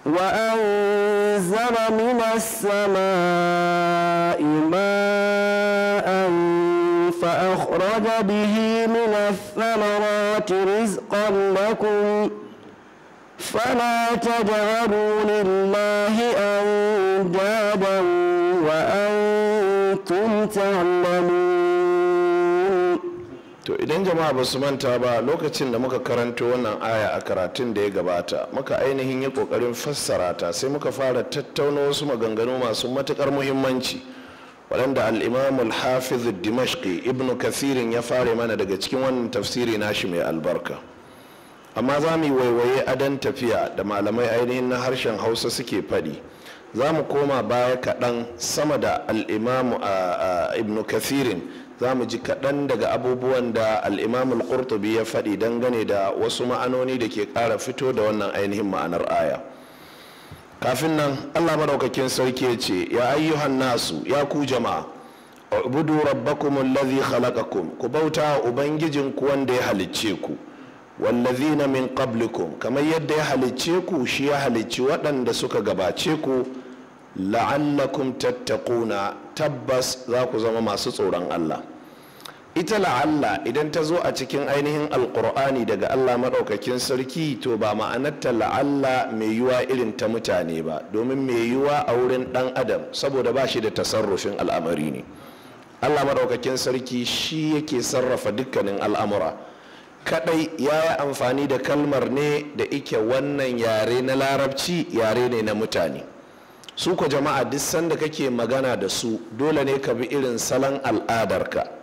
وأنزل من السماء أخرج به من الثمرات رزقا لكم فلا تجعلوا لله أندادا وأنتم تعلمون to idan jama'a ba su manta ba lokacin da muka karanto wannan aya a karatun da ya gabata muka ainihin yi ƙoƙarin fassara ta sai muka fara tattauna wasu maganganu masu matukar muhimmanci waɗanda al'imamul hafiz dimashki ibn kasirin ya fara mana daga cikin wannan tafsiri nashi mai albarka amma za mu waiwaye adon tafiya da malamai ainihin na harshen hausa suke faɗi za mu koma baya kaɗan sama da al'imam ibn kasirin za mu ji kaɗan daga abubuwan da al'imamul ƙurtubi ya faɗi dangane da wasu ma'anoni da ke ƙara fito da wannan ainihin ma'anar aya kafin nan allah madaukakin sarki ya ce ya ayyuhan nasu ya ku jama'a ubudu rabbakum allazi khalaqakum ku bauta ubangijin ku wanda ya halicce ku wallazina min qablikum kamar yadda ya halicce ku shi ya halicci waɗanda suka gabace ku la'allakum tattaquna tabbas za ku zama masu tsoron allah ita la'alla idan ta zo a cikin ainihin alkur'ani daga allah maɗaukakin sarki to ba ma'anarta la'alla mai yiwa irin ta mutane ba domin mai yiwa a wurin ɗan adam saboda ba shi da tasarrufin al'amari ne allah maɗaukakin sarki shi yake sarrafa dukkanin al'amura kaɗai ya yi amfani da kalmar ne da ike wannan yare na larabci yare ne na mutane su ko jama'a duk sanda kake magana da su dole ne ka bi irin salon al'adarka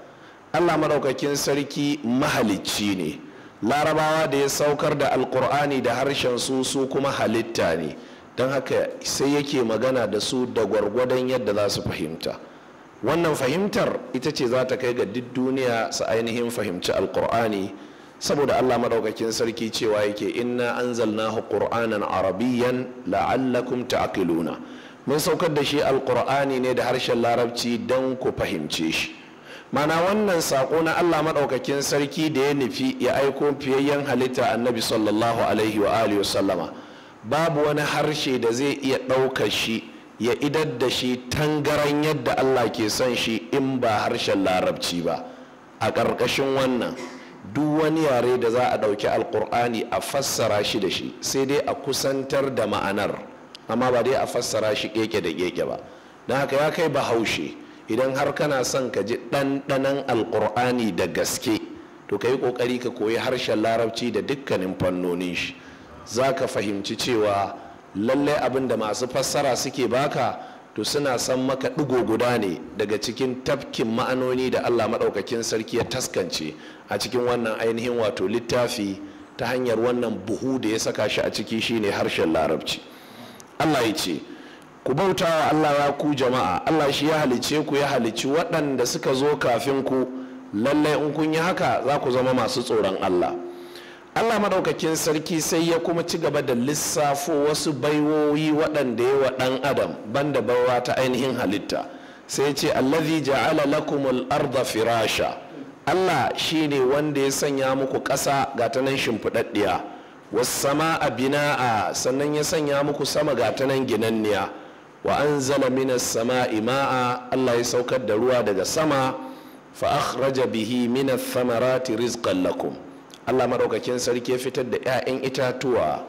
allah maɗaukakin sarki mahalicci ne larabawa da ya saukar da alkur'ani da harshen su su kuma halitta ne don haka sai yake magana da su da gwargwadon yadda za su fahimta wannan fahimtar ita ce za ta kai ga duk duniya su ainihin fahimci alkur'ani saboda allah maɗaukakin sarki cewa yake inna anzalnahu qur'anan arabiyyan la'allakum ta'qiluna mun saukar da shi alkur'ani ne da harshen larabci don ku fahimce shi mana wannan saƙo na allah maɗaukakin sarki da ya nufi ya aiko fiyayyen halitta annabi sallallahu alaihi wa alihi sallama babu wani harshe da zai iya ɗaukar shi ya idar da shi tangaran yadda allah ke son shi in ba harshen larabci ba a ƙarƙashin wannan duk wani yare da za a ɗauki alƙur'ani a fassara shi da shi sai dai a kusantar da ma'anar amma ba dai a fassara shi ƙeƙe da ƙeƙe ba don haka ya kai bahaushe idan har kana son ka ji ɗanɗanan alƙur'ani da gaske to ka yi ƙoƙari ka koyi harshen larabci da dukkanin fannonin shi za ka fahimci cewa lallai abin da masu fassara suke baka to suna san maka ɗigo guda ne daga cikin tafkin ma'anoni da allah maɗaukakin sarki ya taskance a cikin wannan ainihin wato littafi ta hanyar wannan buhu da ya saka shi a ciki shine harshen larabci allah ya ce ku bauta wa Allah ya ku jama'a Allah shi ya halice ku ya halici waɗanda suka zo kafin ku lallai in kun yi haka za ku zama masu tsoron Allah Allah madaukakin sarki sai ya kuma ci gaba da lissafo wasu baiwoyi waɗanda ya wa ɗan adam banda bawa ta ainihin halitta sai ya ce allazi ja'ala lakumul arda firasha Allah shine wanda ya sanya muku ƙasa ga ta nan shimfiɗaɗɗiya was sama'a bina'a sannan ya sanya muku sama ga ta nan ginanniya wa anzala minas sama'i ma'a Allah ya saukar da ruwa daga sama fa akhraja bihi minas thamarati rizqan lakum Allah maɗaukakin sarki ya fitar da 'ya'yan itatuwa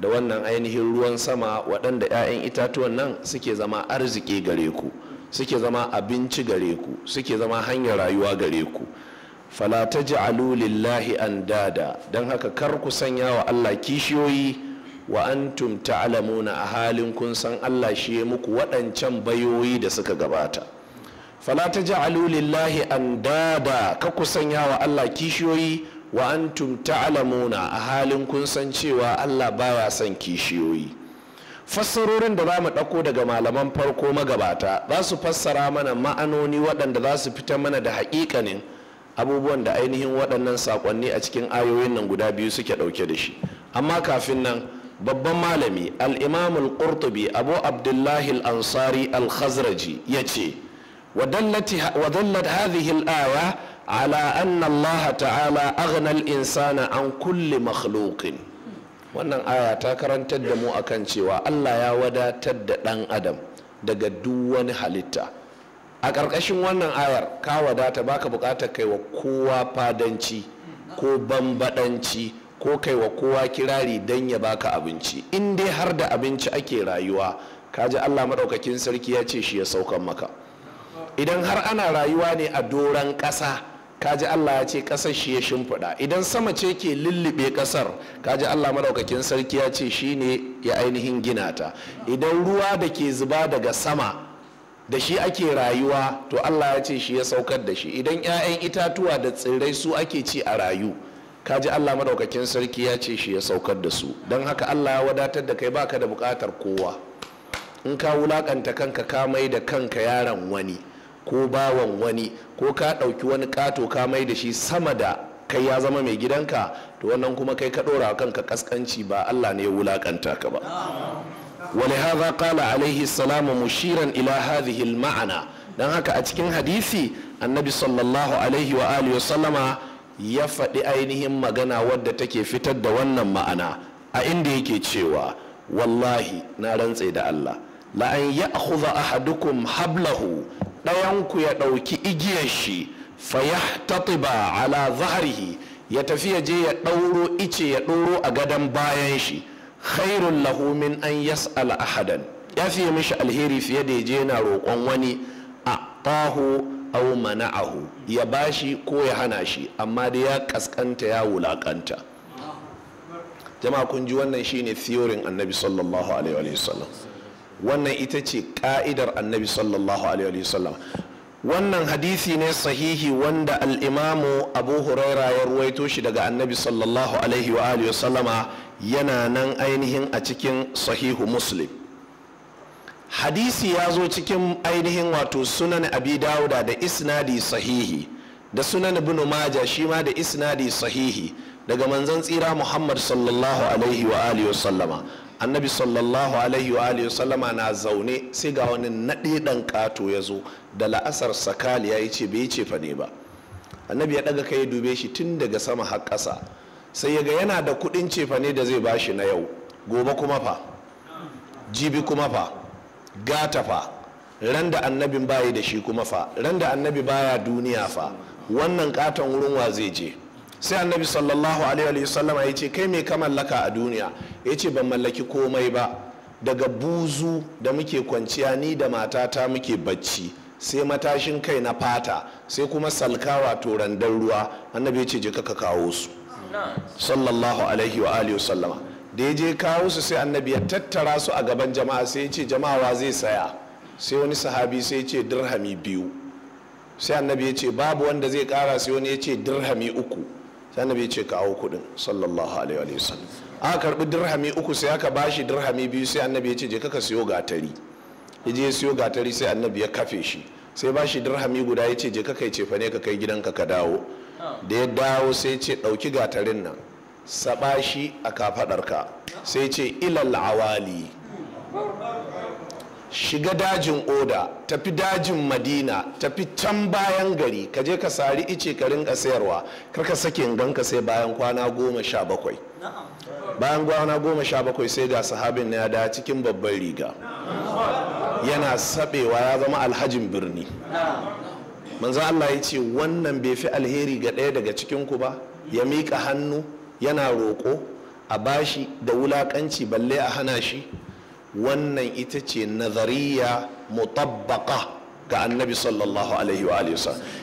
da wannan ainihin ruwan sama waɗanda 'ya'yan itatuwan nan suke zama arziki gare ku suke zama abinci gare ku suke zama hanyar rayuwa gare ku fala taj'alu lillahi andada dan haka kar ku sanya wa Allah kishiyoyi wa antum ta'lamuna a halin kun san Allah shi ya muku waɗancan bayoyi da suka gabata fala ta ji alulillahi lillahi andaba ka ku sanya wa Allah kishiyoyi wa antum ta'lamuna a halin kun san cewa Allah baya son kishiyoyi fassarorin da za mu ɗauko daga malaman farko magabata za su fassara mana ma'anoni waɗanda za su fita mana da haƙiƙanin abubuwan da ainihin waɗannan saƙonni a cikin ayoyin nan guda biyu suke ɗauke da shi amma kafin nan babban malami al al’urtubi abu abdullahi alansari ansari al-khazraji yace wadallat hadhihi al ala annallaha ta'ala aghna an kulle makhlukin wannan aya ta karantar da mu akan cewa Allah ya wadatar da ɗan adam daga duk wani halitta a ƙarƙashin wannan ayar ka wadata baka buƙatar kai wa kowa fadanci ko bambadanci ko kai wa kowa kirari don ya baka abinci in dai har da abinci ake rayuwa kaji allah maɗaukakin sarki ya ce shi ya saukan maka idan har ana rayuwa ne a doron ƙasa kaji allah ya ce ƙasar shi ya shimfiɗa idan sama ce ke lullube ƙasar kaji allah maɗaukakin sarki ya ce shi ne ya ainihin gina ta idan ruwa da ke zuba daga sama da shi ake rayuwa to allah ya ce shi ya saukar da shi idan 'ya'yan itatuwa da tsirrai su ake ci a rayu kaji Allah madaukakin sarki ya ce shi ya saukar da su don haka Allah ya wadatar da kai baka da bukatar kowa in ka wulakanta kanka ka mai da kanka yaron wani ko bawan wani ko ka ɗauki wani kato ka mai da shi sama da kai ya zama mai gidanka to wannan kuma kai ka ɗora kanka kaskanci ba Allah ne ya wulakanta ka ba ولهذا قال عليه السلام mushiran ila هذه المعنى don haka a cikin hadisi annabi sallallahu alaihi wa wa ya faɗi ainihin magana wadda take fitar da wannan ma'ana a inda yake cewa wallahi na rantse da Allah la'an ya akhudha ahadukum hablahu ɗayanku ya ɗauki igiyar shi fayahtatiba ala zaharihi ya tafi ya je ya ɗauro ice ya ɗoro a gadon bayan shi khairun lahu min an yas'al ahadan ya fiye mishi alheri fiye da ya je yana roƙon wani a tahu au mana'ahu ya bashi ko ya hana shi amma da ya kaskanta ya wulakanta jama'a kun ji wannan shine theorin annabi sallallahu alaihi wa sallam wannan ita ce ka'idar annabi sallallahu alaihi wa sallam wannan hadisi ne sahihi wanda al'imamu abu huraira ya ruwaito shi daga annabi sallallahu alaihi wa sallama yana nan ainihin a cikin sahihu muslim hadisi ya zo cikin ainihin wato sunan abi dawuda da isnadi sahihi da sunan ibn maja shi ma da isnadi sahihi daga manzon tsira muhammad sallallahu alaihi wa alihi sallama annabi sallallahu alaihi wa alihi sallama na zaune sai ga wani naɗe ɗan ƙato ya zo da la'asar sakali ya yi ce bai ce fa ne ba annabi ya ɗaga kai ya dube shi tun daga sama har ƙasa sai ya ga yana da kuɗin cefane da zai ba shi na yau gobe kuma fa jibi kuma fa gata fa ran da annabin bayi da shi kuma fa ran da annabi baya duniya fa wannan katon wurin wa zai je sai annabi sallallahu alaihi wa sallama ya ce kai mai ka mallaka a duniya ya ce ban mallaki komai ba daga buzu da muke kwanciya ni da matata muke bacci sai matashin kai na fata sai kuma salkawa to randan ruwa annabi ya ce je ka kawo su sallallahu alaihi wa alihi wa sallama da ya je kawo su sai annabi ya tattara su a gaban jama'a sai ya ce jama'a zai saya sai wani sahabi sai ya ce dirhami biyu sai annabi ya ce babu wanda zai kara sai wani ya ce dirhami uku sai annabi ya ce kawo kudin sallallahu alaihi wa sallam a karbi dirhami uku sai aka bashi dirhami biyu sai annabi ya ce je kaka siyo gatari ya je siyo gatari sai annabi ya kafe shi sai bashi dirhami guda ya ce je kaka ya ce fa ne ka kai gidanka ka dawo da ya dawo sai ya ce dauki gatarin nan saɓashi shi a kafadarka sai ce ilal awali shiga dajin oda tafi dajin madina tafi can bayan gari ka je ka sari ice ka rinka sayarwa karka sakin ganka sai bayan kwana goma sha bakwai bayan kwana goma sha bakwai sai da sahabin na ya da cikin babban riga yana saɓewa ya zama alhajin birni manzo Allah ya ce wannan bai fi alheri ga ɗaya daga cikin ku ba ya miƙa hannu yana roƙo a bashi da wulaƙanci balle a hana shi wannan ita ce nazariya mutabbaka ga annabi sallallahu alaihi wa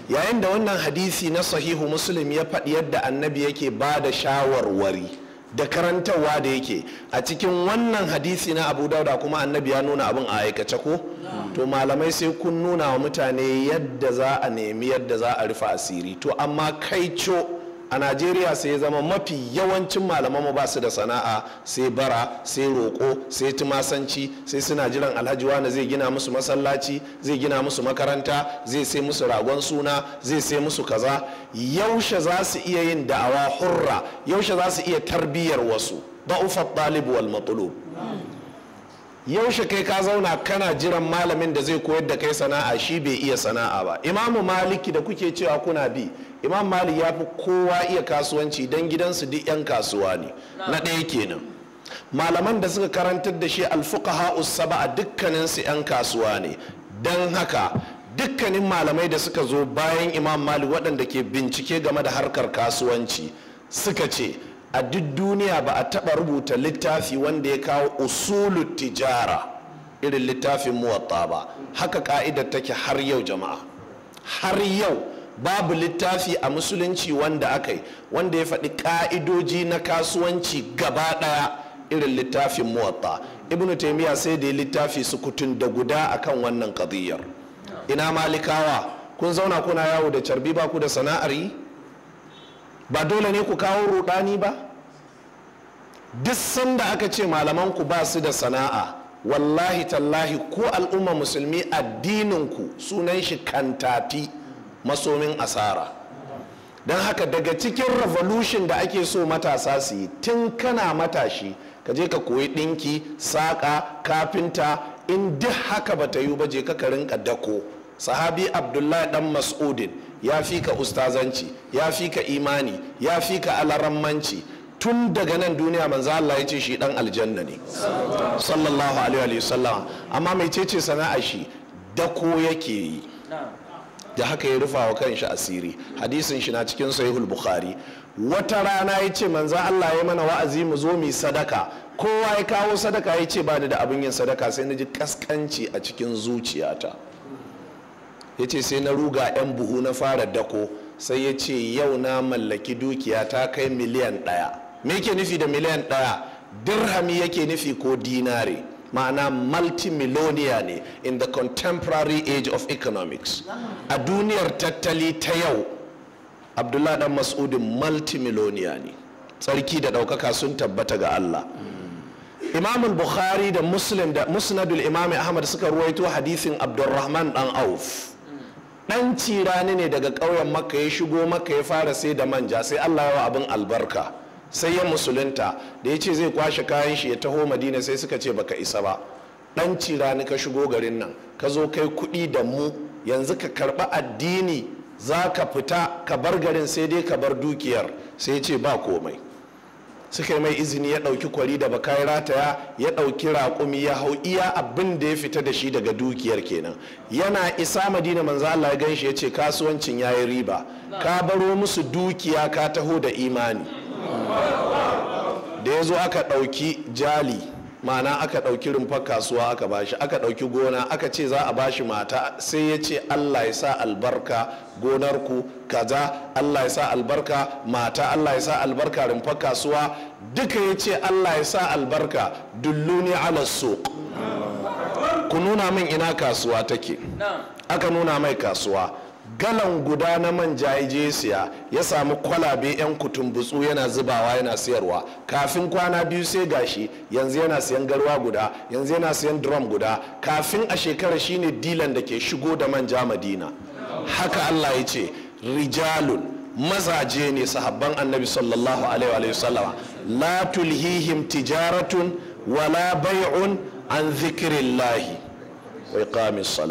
yayin da wannan hadisi na sahihu muslim ya faɗi yadda annabi yake ba da shawarwari da karantarwa da yake a cikin wannan hadisi na abu dauda kuma annabi ya nuna abin a aikace ko to malamai sai kun nuna wa mutane yadda za a nemi yadda za a rufe asiri to amma kai co a najeriya sai zama mafi yawancin malamanmu ba su da sana'a sai bara sai roƙo sai tumasanci sai suna jiran alhaji wani zai gina musu masallaci zai gina musu makaranta zai sai musu ragon suna zai sai musu kaza yaushe za su iya yin da'awa hurra yaushe za su iya tarbiyyar wasu da'ufat talib wal yaushe kai ka zauna kana jiran malamin da zai koyar da kai sana'a shi bai iya sana'a ba imamu maliki da kuke cewa kuna bi imam malik ya fi kowa iya kasuwanci don gidansu duk 'yan kasuwa ne na ɗaya kenan malaman da suka karantar da shi alfuka ha'us usaba a dukkaninsu 'yan kasuwa ne don haka dukkanin malamai da suka zo bayan imam malik waɗanda ke bincike game da harkar kasuwanci suka ce a duk duniya ba a taɓa rubuta littafi wanda ya kawo usulu tijara irin littafin muwatta ba haka ka'idar take har yau jama'a har yau babu littafi a musulunci wanda aka yi wanda ya faɗi ƙa'idoji na kasuwanci gaba ɗaya irin littafin muwatta ibnu taimiyya sai da ya littafi sukutun da guda akan wannan kadiyar ina malikawa kun zauna kuna yawo da carbi ba ku da sana'ar yi ba dole ne ku kawo rudani ba duk sanda aka ce malaman ku ba su da sana'a wallahi tallahi ko al'umma musulmi addinin ku sunan shi kantafi Masomin asara don haka daga cikin revolution da ake so matasa su yi tun kana matashi ka je ka koyi ɗinki saƙa kafinta in duk haka ba ta yi ba je ka rinka dako sahabi abdullahi dan mas'udin ya fi ka ustazanci ya fi ka imani ya fi ka alarammanci tun daga nan duniya manzo Allah ya ce shi dan aljanna ne sallallahu alaihi wa sallam amma mai ce sana'a shi dako yake yi da haka ya rufa wa kanshi asiri hadisin shi na cikin sahihul bukhari wata rana ya ce manza Allah ya mana wa'azi mu zo mu sadaka kowa ya kawo sadaka ya ce bani da abin yin sadaka sai na ji kaskanci a cikin zuciyata ya ce sai na ruga 'yan buhu na fara dako sai ya ce yau na mallaki dukiya ta kai miliyan ɗaya me yake nufi da miliyan ɗaya dirhami yake nufi ko dinare ma'ana multimillionaire ne in the contemporary age of economics a duniyar tattali ta yau abdullah dan mas'udin multimillionaire ne tsarki da ɗaukaka sun tabbata ga allah imam bukhari da muslim da musnadul imam ahmad suka ruwaito hadisin abdulrahman dan auf dan cirani ne daga ƙauyen maka ya shigo maka ya fara sai da manja sai allah yawa abin albarka sai ya musulunta da ya ce zai kwashe kayan shi ya taho madina sai suka ce baka isa ba dan ni ka shigo garin nan ka zo kai kuɗi da mu yanzu ka karɓi addini za ka fita ka bar garin sai dai ka bar dukiyar sai ce ba komai suka yi mai izini ya ɗauki kwari da baka ya rataya ya ɗauki raƙumi ya hau iya abin da ya fita da shi daga dukiyar kenan yana isa madina manzo Allah ya ganshi ya ce kasuwancin yayi riba ka baro musu dukiya ka taho da imani da ya zo aka ɗauki jali ma'ana aka ɗauki rumfar kasuwa aka bashi aka ɗauki gona aka ce za a bashi mata sai ya ce allah ya sa albarka gonarku kaza allah ya sa albarka mata allah ya sa albarka rumfar kasuwa duka ya ce allah ya sa albarka dulluni ala suq ku nuna min ina kasuwa take aka nuna mai kasuwa galan guda na manja ya je siya ya samu kwalabe yan butsu yana zubawa yana siyarwa kafin kwana biyu sai gashi yanzu yana siyan garwa guda yanzu yana siyan drum guda kafin a shekara shine dilan da ke shigo da manja madina haka allah ya ce rijalun mazaje ne sahabban annabi sallallahu alaihi wa sallama la tulhihim tijaratun wala bai'un an zikirillahi wa iqamis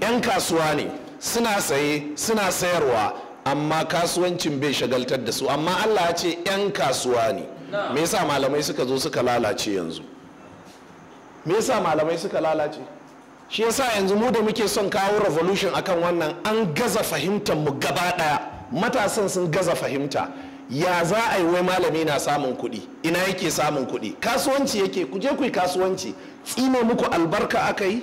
yan kasuwa ne suna saye suna sayarwa amma kasuwancin bai shagaltar da su amma Allah ya ce 'yan kasuwa ne me yasa malamai suka zo suka lalace yanzu me yasa malamai suka lalace shi yasa yanzu mu da muke son kawo revolution akan wannan an gaza fahimtar mu gaba daya matasan sun gaza fahimta ya za a yi wai malami na samun kuɗi ina yake samun kuɗi kasuwanci yake ku je ku yi kasuwanci tsine muku albarka aka yi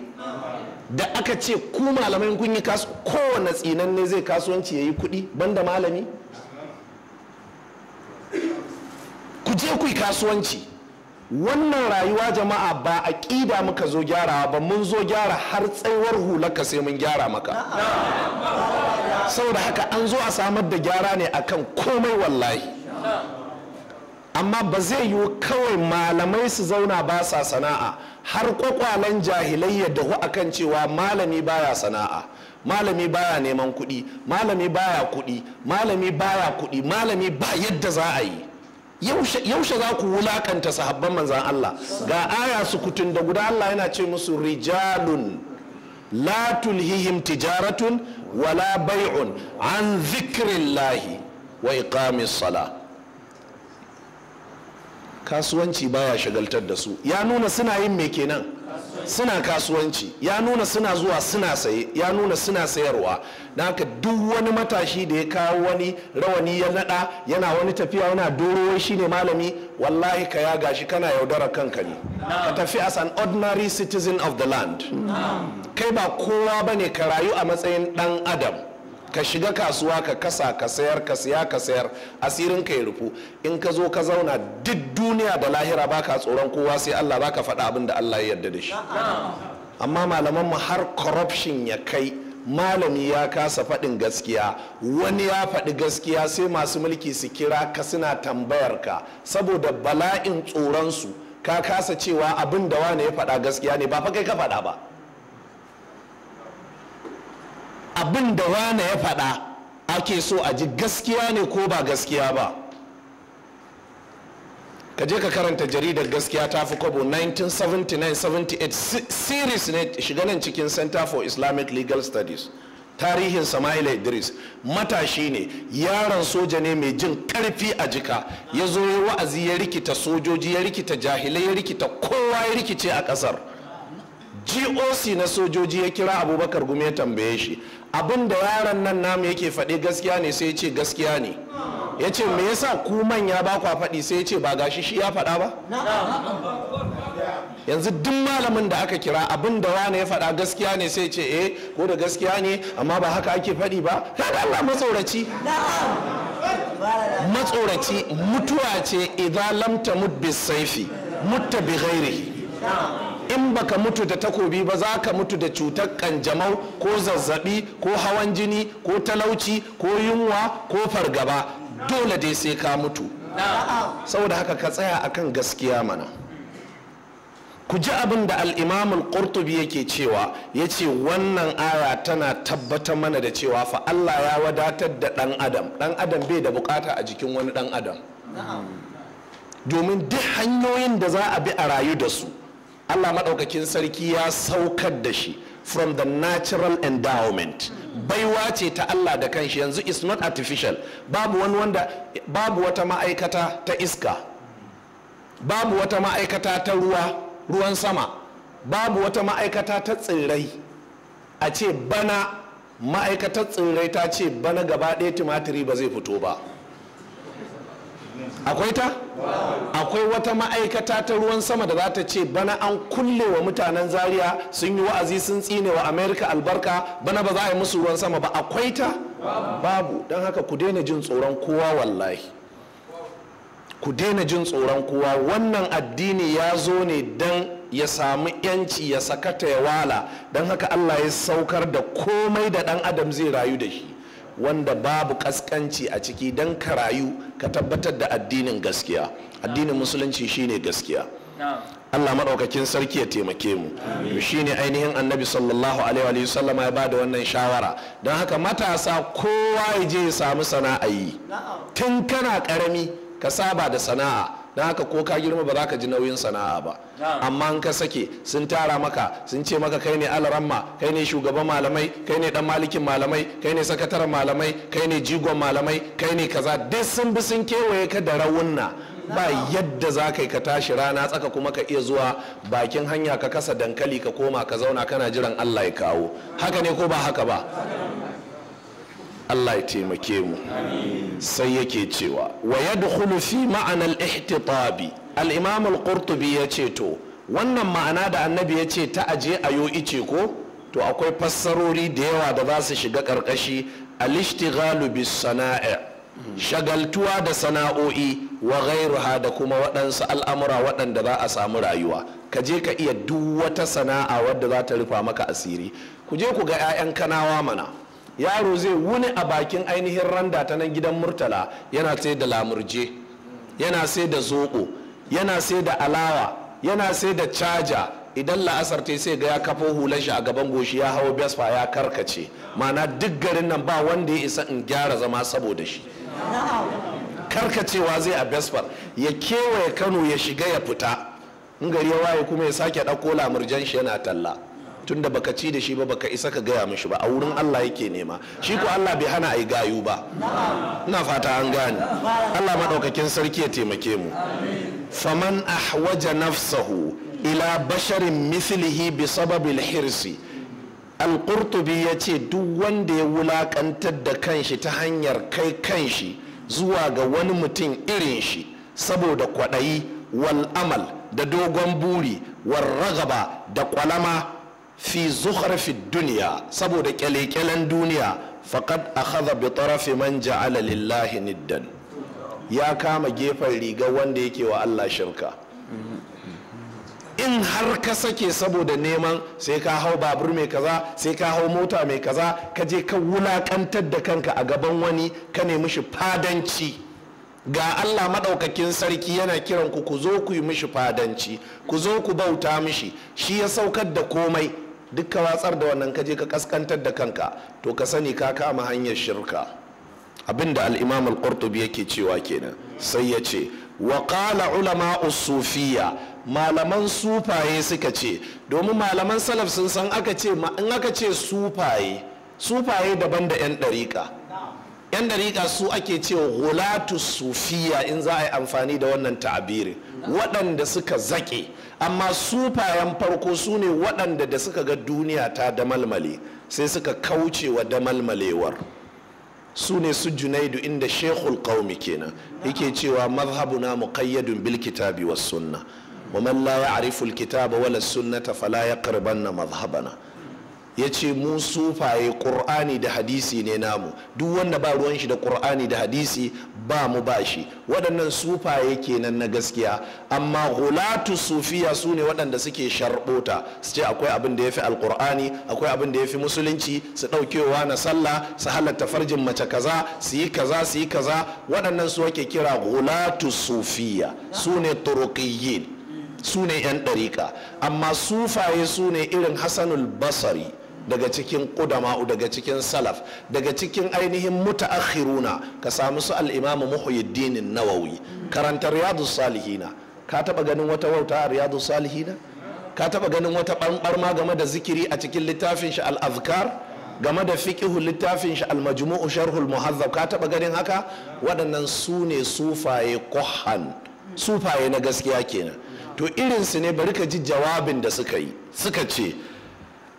da aka ce ku malamai kun yi kasu kowane ne zai kasuwanci ya yi kuɗi banda malami ku je ku yi kasuwanci wannan rayuwa jama'a ba a ƙida muka zo gyarawa ba mun zo gyara har hula hulaka sai mun gyara maka saboda haka an zo a samar da gyara ne akan komai wallahi amma ba zai yiwu kawai malamai su zauna ba sa sana'a har kwakwalen jahilai ya dahu akan cewa malami baya sana'a malami baya neman kuɗi malami baya kuɗi malami baya kuɗi malami ba yadda za a yi yaushe za ku wulakanta sahabban manzan Allah ga aya su kutun da guda Allah yana ce musu rijalun la tulhihim tijaratun wala bai'un an zikrillahi wa iqamis salah kasuwanci baya shagaltar da su ya nuna suna yin mai kenan suna kasuwanci ya nuna suna zuwa suna saye ya nuna suna sayarwa na haka duk wani matashi da ya kawo wani rawani ya nada yana wani tafiya yana doro shi ne malami wallahi ka ya gashi kana yaudara kanka ne ka tafi as an ordinary citizen of the land kai ba kowa bane ka rayu a matsayin dan adam ka shiga kasuwa ka kasa ka sayar ka siya ka sayar asirin ka ya rufu in ka zo ka zauna duk duniya da lahira baka tsoron kowa sai Allah baka faɗa abin da Allah ya yarda da shi amma malaman mu har corruption ya kai malami ya kasa faɗin gaskiya wani ya faɗi gaskiya sai masu mulki su kira ka suna tambayar ka saboda bala'in tsoron su ka kasa cewa abin da wane ya faɗa gaskiya ne ba fa kai ka faɗa ba abin da rana ya faɗa ake so a ji gaskiya ne ko ba gaskiya ba ka je ka karanta jaridar gaskiya ta fi kwabo 1979-78 series ne shiga nan cikin center for islamic legal studies tarihin samaila idris matashi ne yaron soja ne mai jin karfi a jika ya zo ya wa'azi ya rikita sojoji ya rikita jahilai ya rikita kowa ya rikice a kasar goc na sojoji ya kira abubakar gumi ya tambaye shi abin da yaron nan namu yake faɗi gaskiya ne sai ce gaskiya ne ya ce me yasa ku ya ba kwa faɗi sai ce ba gashi shi ya faɗa ba yanzu duk malamin da aka kira abin da wane ya faɗa gaskiya ne sai ce eh ko da gaskiya ne amma ba haka ake faɗi ba kaga Allah matsoraci matsoraci mutuwa ce idan lamta tamut bisaifi mutta bi ghairihi in baka mutu da takobi ba za ka mutu da cutar kanjamau ko zazzabi ko hawan jini ko talauci ko yunwa ko fargaba dole dai sai ka mutu saboda haka ka tsaya akan gaskiya mana ku ji abin da al'imamul qurtubi yake cewa ya ce wannan aya tana tabbatar mana da cewa fa Allah ya wadatar da ɗan adam ɗan adam bai da bukata a jikin wani ɗan adam domin duk hanyoyin da za a bi a rayu da su allah maɗaukakin sarki ya saukar da shi from the natural endowment baiwa ce ta allah da kanshi yanzu is not artificial babu wani wanda babu wata ma'aikata ta iska babu wata ma'aikata ta ruwa ruwan sama babu wata ma'aikata ta tsirrai a ce bana ma'aikatar tsirrai ta ce bana gaba ɗaya tumatiri ba zai fito ba akwai ta akwai wata ma'aikata ta ruwan sama da za ta ce bana an kulle wa mutanen zaria sun yi wa'azi sun tsine wa amerika albarka bana ba za a yi musu ruwan sama ba akwai ta babu don haka ku daina jin tsoron kowa wallahi ku daina jin tsoron kowa wannan addini ya zo ne don ya samu yanci ya sakata ya wala don haka allah ya saukar da komai da dan adam zai rayu da shi wanda babu kaskanci a ciki don ka rayu ka tabbatar da addinin gaskiya addinin musulunci shine gaskiya Allah maɗaukakin sarki ya taimake mu shine ainihin annabi sallallahu alaihi wa sallama ya bada wannan shawara don haka matasa kowa ya je ya samu sana'a yi tun kana karami ka saba da sana'a na haka ko ka girma ba za ka ji nauyin sana'a ba amma in ka sake sun tara maka sun ce maka kai ne alaramma kai ne shugaban malamai kai ne dan malikin malamai kai ne sakataren malamai kai ne jigon malamai kai ne kaza duk sun bi sun kewaye ka da rawunna ba yadda za ka yi ka tashi rana tsaka kuma ka iya zuwa bakin hanya ka kasa dankali ka koma ka zauna kana jiran allah ya kawo haka ne ko ba haka ba Allah ya taimake mu sai yake cewa wa yadkhulu fi ma'anar ihtitabi al-imam al-qurtubi ya ce to wannan ma'ana da annabi ya ce ta aje ayo ice ko to akwai fassarori da yawa da za su shiga karkashi al-ishtighalu bis sana'i shagaltuwa da sana'o'i wa da kuma waɗansu al'amura waɗanda za a samu rayuwa ka je ka iya duk wata sana'a wadda za ta rufa maka asiri ku je ku ga 'ya'yan kanawa mana yaro zai wuni a bakin ainihin randa ta nan gidan murtala yana sai da lamurje yana sai da zoɓo yana sai da alawa yana sai da caja idan la'asar ta sai ga ya kafa hular shi a gaban goshi ya hawo besfa ya karkace mana duk garin nan ba wanda ya isa in gyara zama saboda shi karkacewa zai a besfar ya kewaye kano ya shiga ya fita in gari ya waye kuma ya sake ɗauko lamurjan shi yana talla tun da baka ci da shi ba baka isa ka gaya mishi ba a wurin Allah yake nema shi ko Allah bai hana a yi gayu ba ina fata an gane Allah maɗaukakin sarki ya taimake mu faman ahwaja nafsahu ila basharin mislihi bi sababil hirsi alƙurtubi ya ce duk wanda ya wulaƙantar da kanshi ta hanyar kai kanshi zuwa ga wani mutum irin shi saboda kwaɗayi wal amal da dogon buri wal ragaba da kwalama fi zukhrafid duniya saboda kyale-kyalen duniya faqad akhadha bi tarafi man ja'ala lillahi niddan ya kama gefen riga wanda yake wa Allah shirka in har ka sake saboda neman sai ka hau babur mai kaza sai ka hau mota mai kaza ka je ka wulakantar da kanka a gaban wani ka nemi shi fadanci ga Allah maɗaukakin sarki yana kiran ku ku zo ku yi mishi fadanci ku zo ku bauta mishi shi ya saukar da komai duk ka watsar da wannan kaje ka kaskantar da kanka to ka sani ka kama hanyar shirka abinda al-imam al-qurtubi yake cewa kenan sai ya ce wa qala ulama usufiya malaman sufaye suka ce domin malaman salaf sun san aka ce in aka ce sufaye sufaye daban da yan dariƙa. yan dariƙa su ake cewa hulatu sufiya in za a yi amfani da wannan ta'abiri waɗanda suka zaƙe amma sufayen farko su ne waɗanda da suka ga duniya ta damalmale sai suka kauce wa damalmalewar su ne su junaidu inda shekul kaumi kenan yake cewa mazhabuna muqayyadun bil kitabi was sunna wa man la ya'rifu al kitaba wala sunnata fala yaqrabanna mazhabana ya ce mu sufaye ƙur'ani da hadisi ne namu duk wanda ba ruwan shi da ƙur'ani da hadisi ba mu ba shi waɗannan sufaye kenan na gaskiya amma hulatu sufiya su ne waɗanda suke sharɓota su ce akwai abin da ya fi alƙur'ani akwai abin da ya fi musulunci su ɗaukewa na sallah su halatta farjin mace kaza su yi kaza su yi kaza waɗannan su ake kira hulatu sufiya su ne turuƙiyyin su ne 'yan ɗariƙa amma sufaye su ne irin hasanul basari daga cikin ƙudama'u daga cikin salaf daga cikin ainihin muta'akhiruna ka samu su al'imamu muhyiddinin nawawi karanta riyadu salihina ka taɓa ganin wata wauta a riyadu salihina ka taɓa ganin wata ɓarɓarma game da zikiri a cikin littafin shi al-azkar game da fiƙihu littafin shi al-majmu'u sharhul muhazzab ka taɓa ganin haka waɗannan su ne sufaye kohan sufaye na gaskiya kenan to irinsu ne bari ka ji jawabin da suka yi suka ce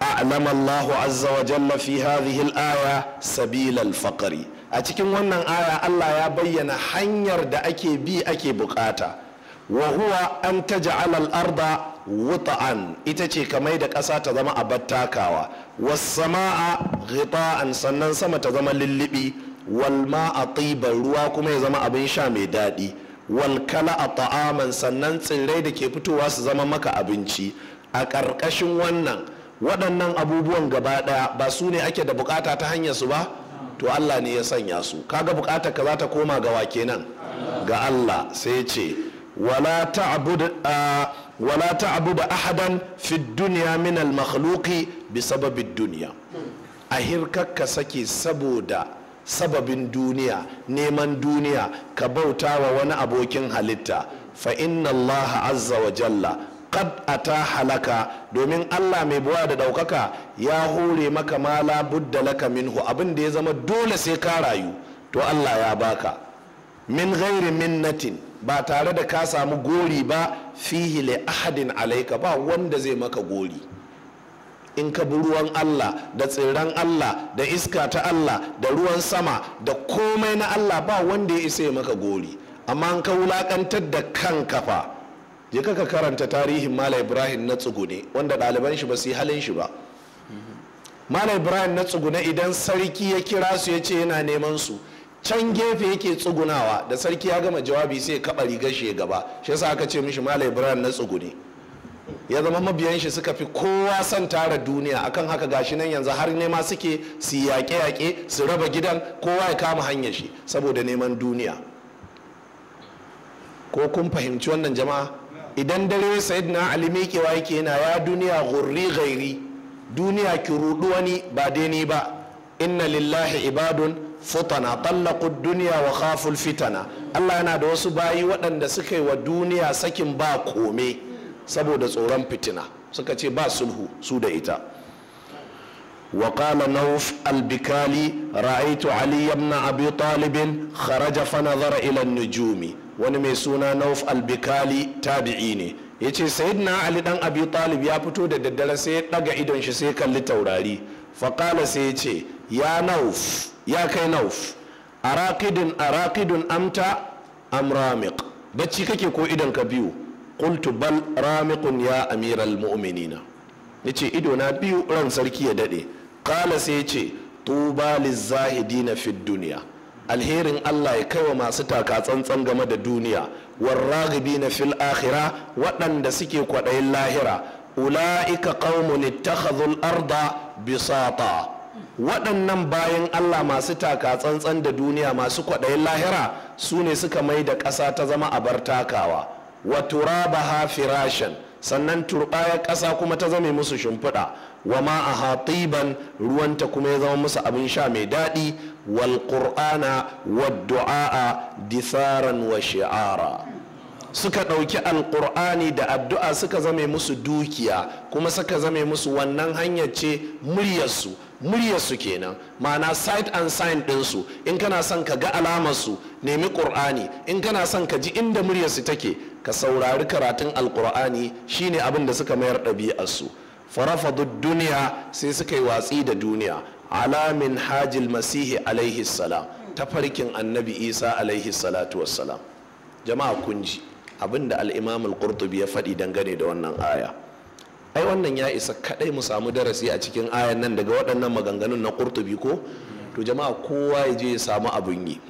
a'lama Allahu azza wa jalla fi hadhihi al-aya sabil al a cikin wannan aya Allah ya bayyana hanyar da ake bi ake bukata wa huwa an taj'al al-arda wuta'an ita ce kamar da ƙasa ta zama abar takawa was-sama'a ghita'an sannan sama ta zama lullubi wal ma'a tiban ruwa kuma ya zama abin sha mai daɗi wal a ta'aman sannan tsirrai da ke fitowa su zama maka abinci a ƙarƙashin wannan waɗannan abubuwan gaba ɗaya ba su ne ake da bukata ta hanyar su ba to Allah ne ya sanya su kaga bukata ka za ta koma ga wake nan? ga Allah sai ya ce wala ta'bud da ta'bud ahadan fi dunya min al makhluqi bi duniya A hirkar ka sake saboda sababin duniya neman duniya ka bauta wa wani abokin halitta fa inna Allah azza wa jalla qad ta halaka domin Allah mai buwa da daukaka ya hore maka ma la budda laka minhu abin da ya zama dole sai ka rayu to Allah ya baka min ghairi minnatin ba tare da ka samu gori ba fihi li ahadin alaika ba wanda zai maka gori in ka bi ruwan Allah da tsirran Allah da iska ta Allah da ruwan sama da komai na Allah ba wanda ya isa maka gori amma an ka wulakantar da kanka fa je ka karanta tarihin mala ibrahim na tsugune wanda ɗaliban shi ba su yi halin shi ba mala ibrahim na tsugune idan sarki ya kira su ya ce yana neman su can gefe yake tsugunawa da sarki ya gama jawabi sai ya kaɓa rigar shi gaba shi yasa aka ce mishi mala ibrahim na tsugune ya zama mabiyan shi suka fi kowa son tara duniya akan haka gashi nan yanzu har nema suke su yaƙe-yaƙe su raba gidan kowa ya kama hanyar shi saboda neman duniya ko kun fahimci wannan jama'a idan dare sayyidina ali miƙewa yake yana ya duniya gurri gairi duniya ki rudu wani ba dai ba inna lillahi ibadun futana tallaqu duniya wa khaful fitana Allah yana da wasu bayi waɗanda suka yi wa duniya sakin ba kome saboda tsoron fitina suka ce ba sulhu su da ita وقال نوف البكالي رأيت علي بن أبي طالب خرج فنظر إلى النجوم wani mai suna nauf albikali tabi'i ne ya ce sayidina ali dan abi talib ya fito da daddare sai ya daga idon shi sai kalli taurari faƙala sai ya ce ya nauf ya kai nauf a arakidun amta am ramiq bacci kake ko idon ka biyu qultu bal ramiqun ya amiral mu'minina ce ido na biyu ran sarki ya dade Kala sai ya ce tuba lizzahidina fid duniya alherin Allah ya kai wa masu taka tsantsan game da duniya warragibi na fil akhira waɗanda suke kwaɗayin lahira ula'ika qaumun ittakhadhul arda bisata waɗannan bayan Allah masu taka tsantsan da duniya masu kwaɗayin lahira su ne suka mai da ƙasa ta zama abar takawa wa turabaha firashan sannan turɓayar ƙasa kuma ta zame musu shimfiɗa wa ma a hatiban ruwanta kuma ya zama musu abin sha mai daɗi wal qur'ana wa du'a disaran wa shi'ara suka ɗauki alƙur'ani da addu'a suka zame musu dukiya kuma suka zame musu wannan hanyar ce muryarsu muryarsu kenan ma'ana sight and sign ɗinsu in kana son ka ga alamarsu nemi ƙur'ani in kana son ka ji inda muryarsu take ka saurari karatun alƙur'ani shine abin da suka mayar ɗabi'arsu farafadu duniya sai suka yi watsi da duniya alamin hajil masihi alaihi salam ta farkin annabi isa alaihi salatu wassalam jama'a kunji abinda al kurtubi ya faɗi dangane da wannan aya ai wannan ya isa kaɗai mu samu darasi a cikin ayan nan daga waɗannan maganganun na kurtubi ko to jama'a kowa ya je ya samu abin yi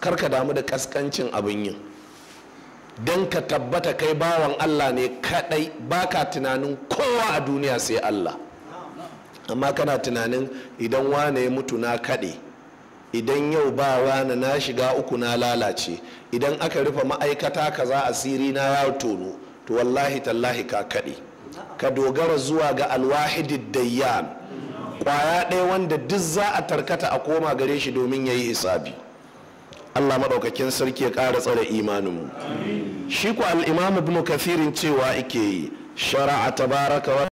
kar ka damu da kaskancin abin yin don ka tabbata kai bawan Allah ne kadai baka tunanin kowa a duniya sai Allah amma kana tunanin idan wane ya mutu na kaɗe idan yau ba wane na shiga uku na lalace idan aka rufe ma'aikata kaza asiri na ya tono to wallahi tallahi ka kaɗe ka dogara zuwa ga alwahidid dayyan kwaya ɗaya wanda duk za a tarkata a koma gare shi domin ya yi hisabi Allah maɗaukakin sarki ya ƙara tsare imanin mu shi ku al'imamu ibn kathirin cewa ike yi shara'a tabaraka wa